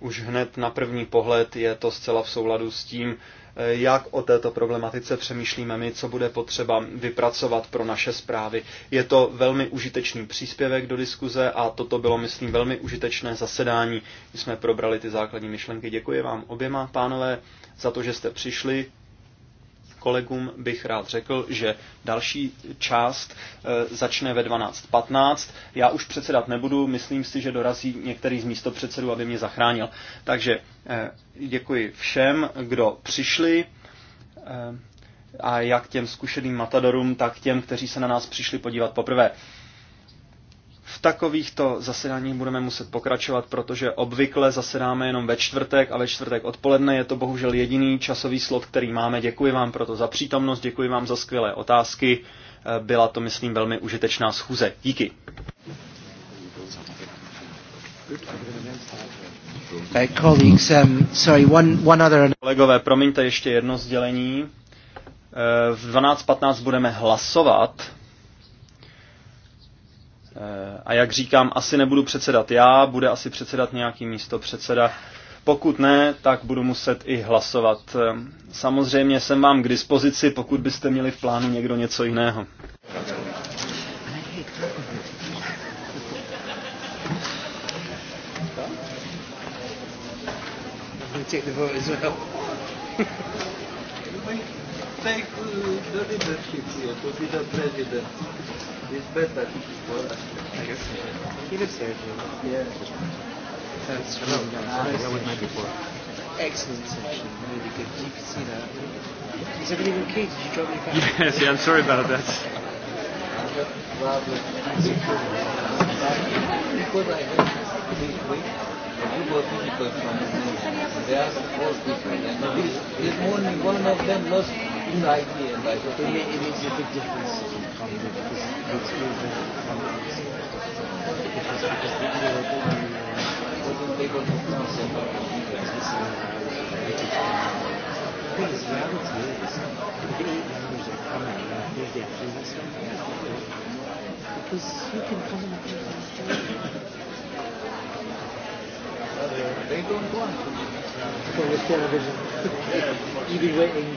už hned na první pohled je to zcela v souladu s tím, eh, jak o této problematice přemýšlíme my, co bude potřeba vypracovat pro naše zprávy. Je to velmi užitečný příspěvek do diskuze a toto bylo, myslím, velmi užitečné zasedání. My jsme probrali ty základní myšlenky. Děkuji vám oběma, pánové, za to, že jste přišli kolegům bych rád řekl, že další část eh, začne ve 12.15. Já už předsedat nebudu, myslím si, že dorazí některý z místopředsedů, aby mě zachránil. Takže eh, děkuji všem, kdo přišli eh, a jak těm zkušeným matadorům, tak těm, kteří se na nás přišli podívat poprvé takovýchto zasedáních budeme muset pokračovat, protože obvykle zasedáme jenom ve čtvrtek a ve čtvrtek odpoledne je to bohužel jediný časový slot, který máme. Děkuji vám proto za přítomnost, děkuji vám za skvělé otázky. Byla to, myslím, velmi užitečná schůze. Díky. Uh, um, Kolegové, promiňte ještě jedno sdělení. Uh, v 12.15 budeme hlasovat Eh, a jak říkám, asi nebudu předsedat já, bude asi předsedat nějaký místo předseda. Pokud ne, tak budu muset i hlasovat. Eh, samozřejmě jsem vám k dispozici, pokud byste měli v plánu někdo něco jiného. take the vote as well. take uh, the leadership here to be the president. It's better for us. I guess. He lives here, too. Oh, yeah. That's hello. Yeah, that was my before. Excellent session. Really good. You can see that. Is everything okay? Did you drop me back? Yes, yeah, I'm sorry about that. Because I have people And this morning, one of them lost in the idea, like okay, it, makes a big difference from the because it's movement from because because the you know the wasn't able to concept of because this is related to the thing is reality is the eight numbers are coming and I think they're doing something because you can come and go they don't want to. For the television. You've been waiting.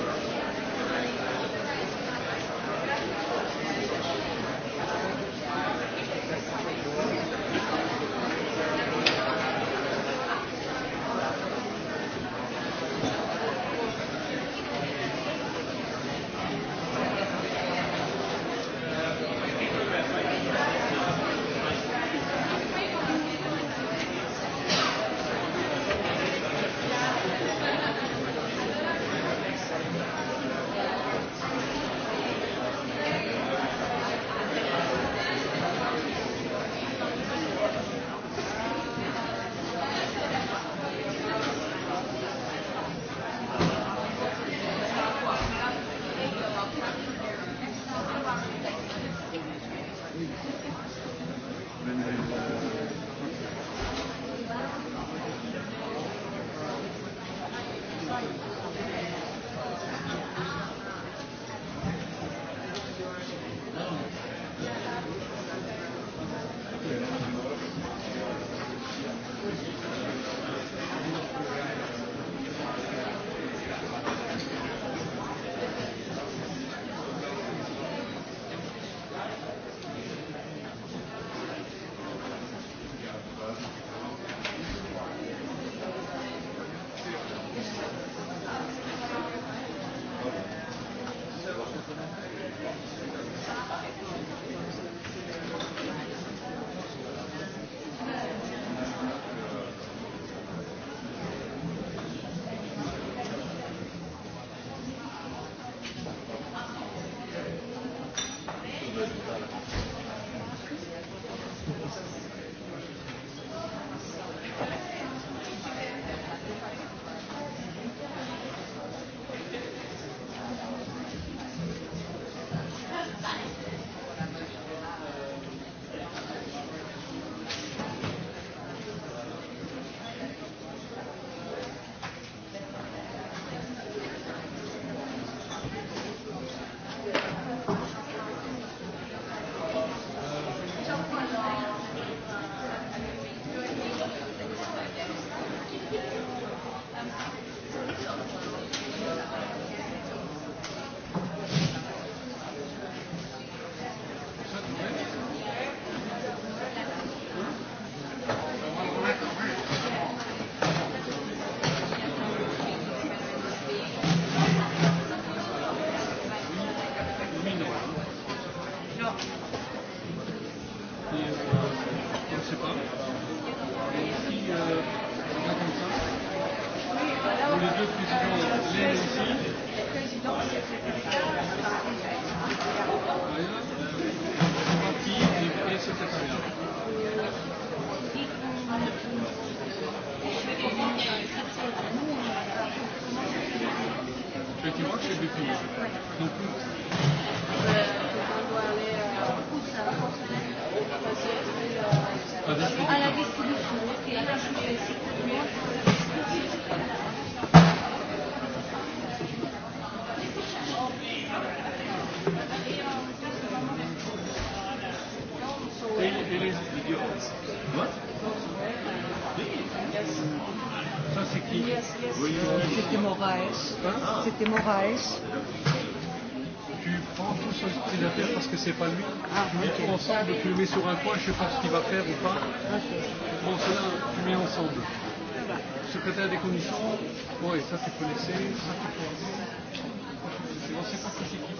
de Moraes. Tu prends tout ce style d'affaires parce que c'est pas lui. Ah, okay. Et tout ensemble, tu le mets sur un coin, je pense qu'il va faire ou pas. Okay. Tu prends cela, tu mets ensemble. Secrétaire des commissions, oui, ça tu peux laisser, ça tu peux laisser. Je ne sais pas ce qui c'est qui.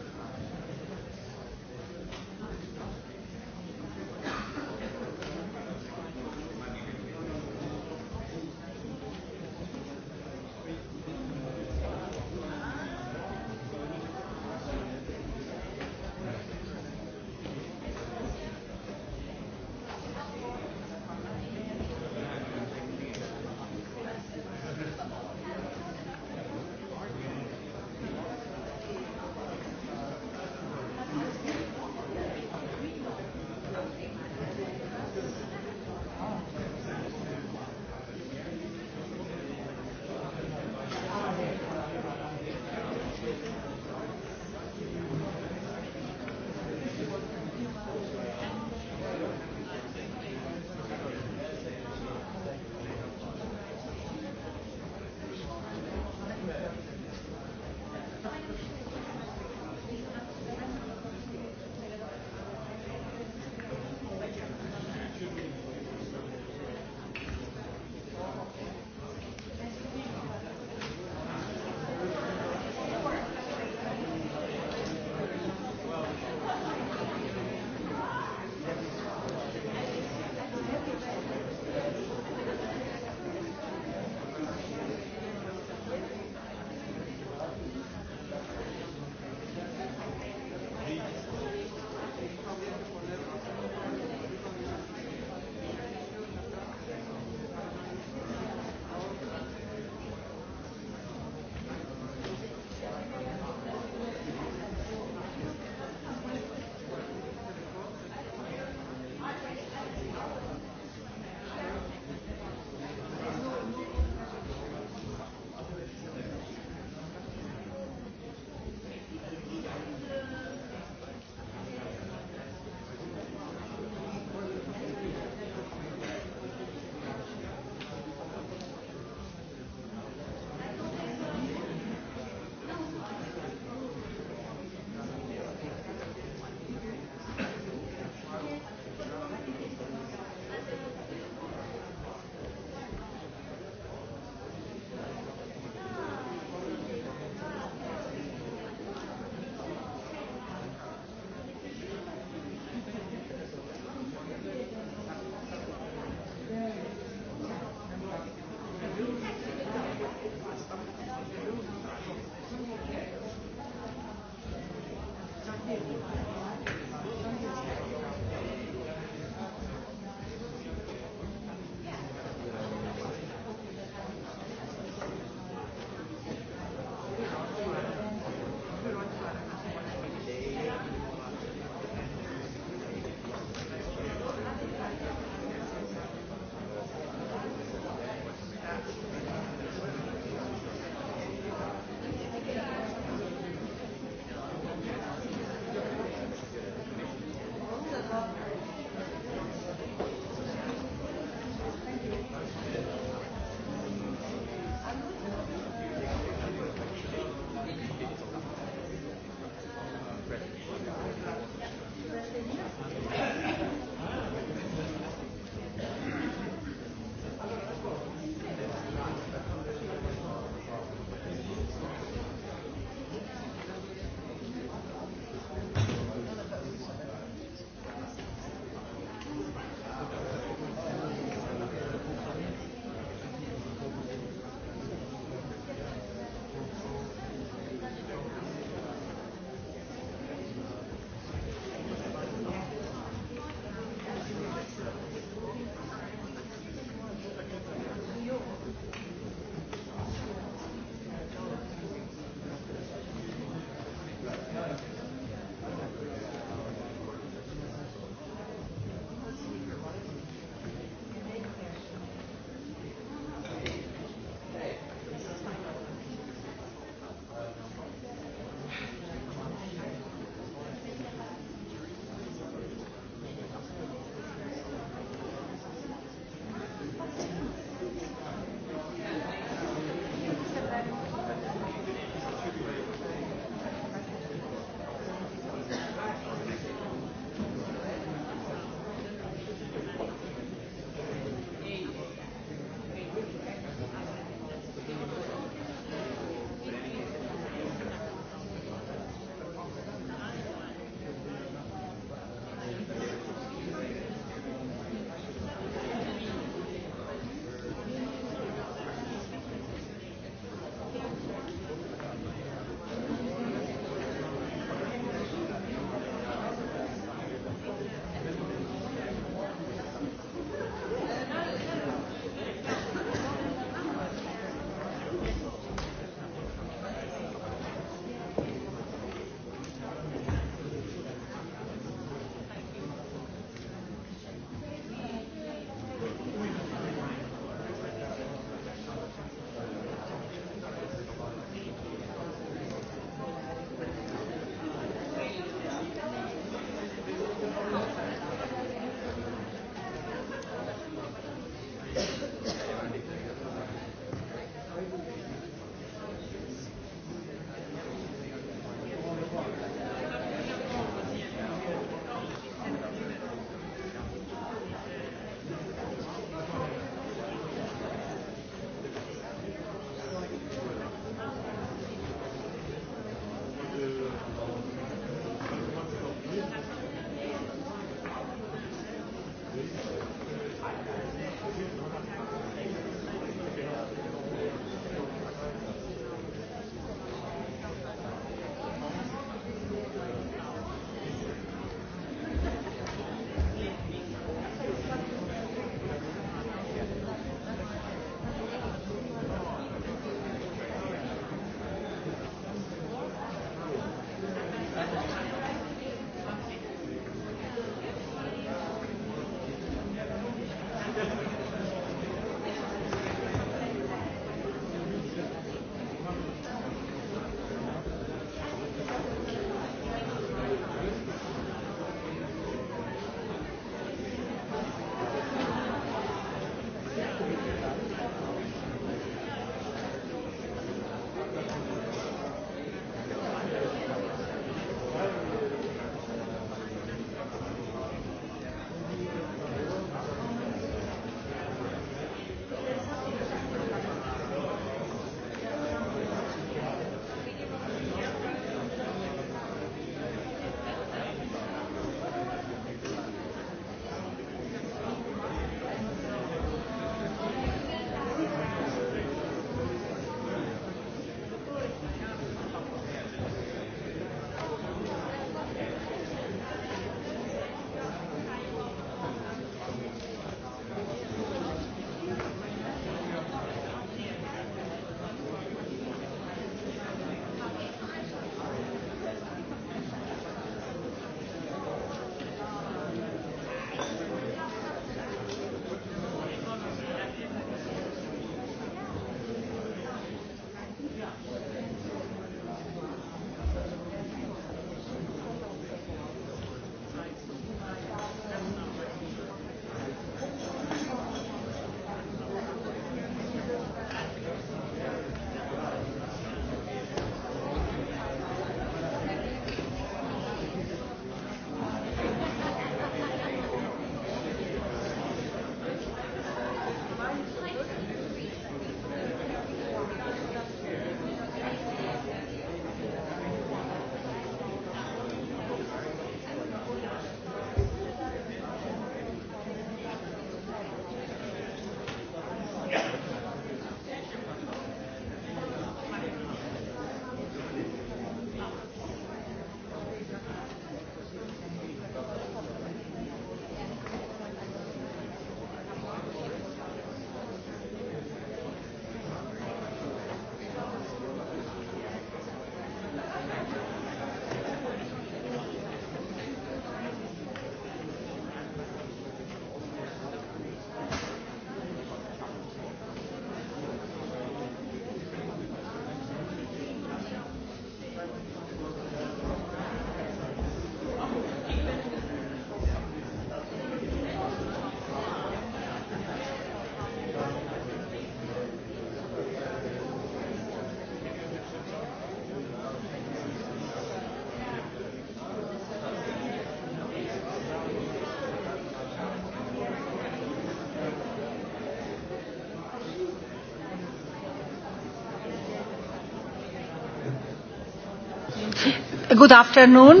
Good afternoon.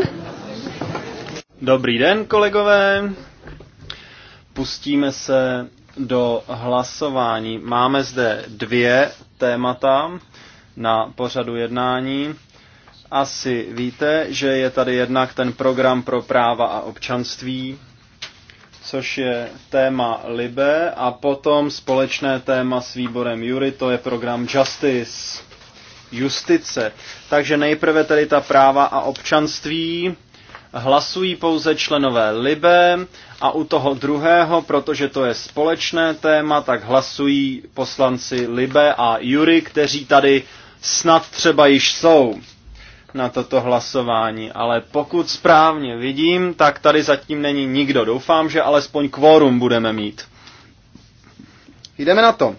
Dobrý den, kolegové. Pustíme se do hlasování. Máme zde dvě témata na pořadu jednání. Asi víte, že je tady jednak ten program pro práva a občanství, což je téma Libe, a potom společné téma s výborem Jury, to je program Justice justice. Takže nejprve tedy ta práva a občanství hlasují pouze členové Libe a u toho druhého, protože to je společné téma, tak hlasují poslanci Libe a Jury, kteří tady snad třeba již jsou na toto hlasování, ale pokud správně vidím, tak tady zatím není nikdo. Doufám, že alespoň kvórum budeme mít. Jdeme na to.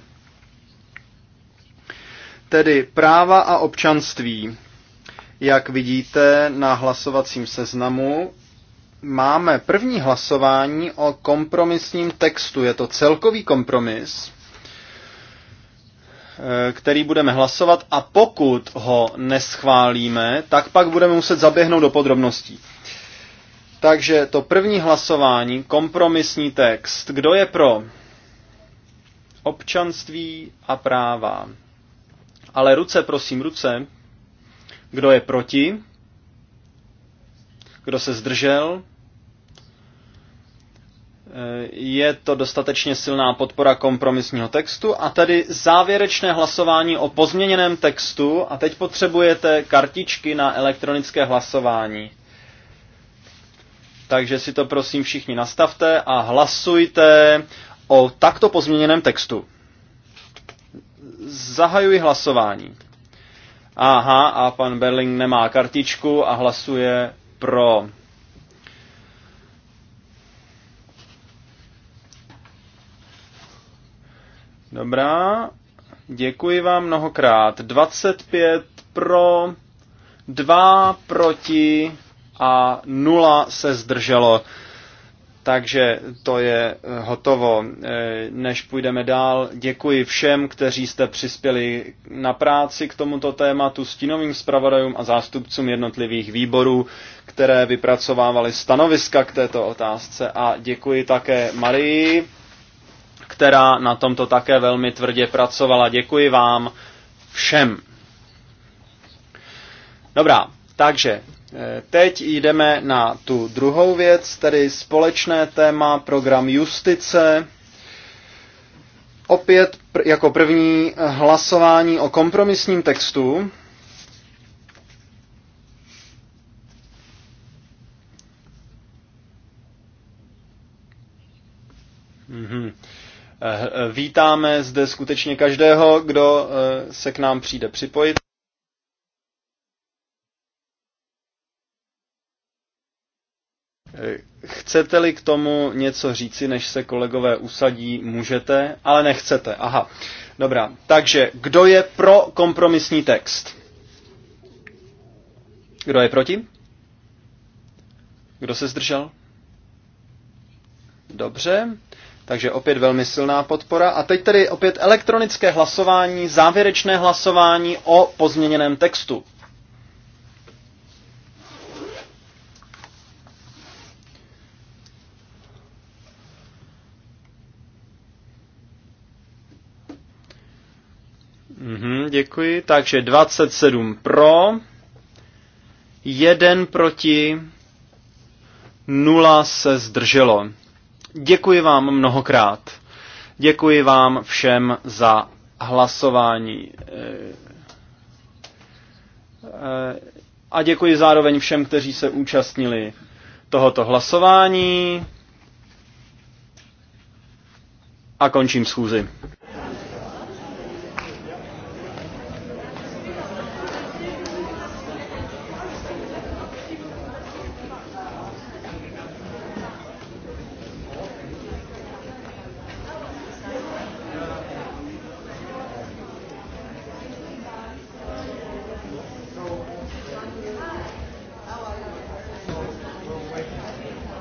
Tedy práva a občanství. Jak vidíte na hlasovacím seznamu, máme první hlasování o kompromisním textu. Je to celkový kompromis, eh, který budeme hlasovat a pokud ho neschválíme, tak pak budeme muset zaběhnout do podrobností. Takže to první hlasování, kompromisní text. Kdo je pro? Občanství a práva ale ruce prosím ruce. Kdo je proti? Kdo se zdržel? Eh, je to dostatečně silná podpora kompromisního textu a tady závěrečné hlasování o pozměněném textu a teď potřebujete kartičky na elektronické hlasování. Takže si to prosím všichni nastavte a hlasujte o takto pozměněném textu. Zahajuji hlasování. Aha, a pan Berling nemá kartičku a hlasuje pro. Dobrá, děkuji vám mnohokrát. 25 pro, 2 proti a 0 se zdrželo. Takže to je eh, hotovo. Eh, než půjdeme dál, děkuji všem, kteří jste přispěli na práci k tomuto tématu, stínovým zpravodajům a zástupcům jednotlivých výborů, které vypracovávali stanoviska k této otázce. A děkuji také Marii, která na tomto také velmi tvrdě pracovala. Děkuji vám všem. Dobrá, takže Eh, teď jdeme na tu druhou věc, tedy společné téma program justice. Opět pr- jako první hlasování o kompromisním textu. Mhm. Eh, eh, vítáme zde skutečně každého, kdo se k nám přijde připojit. Chcete-li k tomu něco říci, než se kolegové usadí, můžete, ale nechcete. Aha, dobrá. Takže kdo je pro kompromisní text? Kdo je proti? Kdo se zdržel? Dobře, takže opět velmi silná podpora. A teď tedy opět elektronické hlasování, závěrečné hlasování o pozměněném textu. Děkuji. Takže 27 pro, 1 proti, 0 se zdrželo. Děkuji vám mnohokrát. Děkuji vám všem za hlasování. Eh, eh, a děkuji zároveň všem, kteří se účastnili tohoto hlasování. A končím schůzi.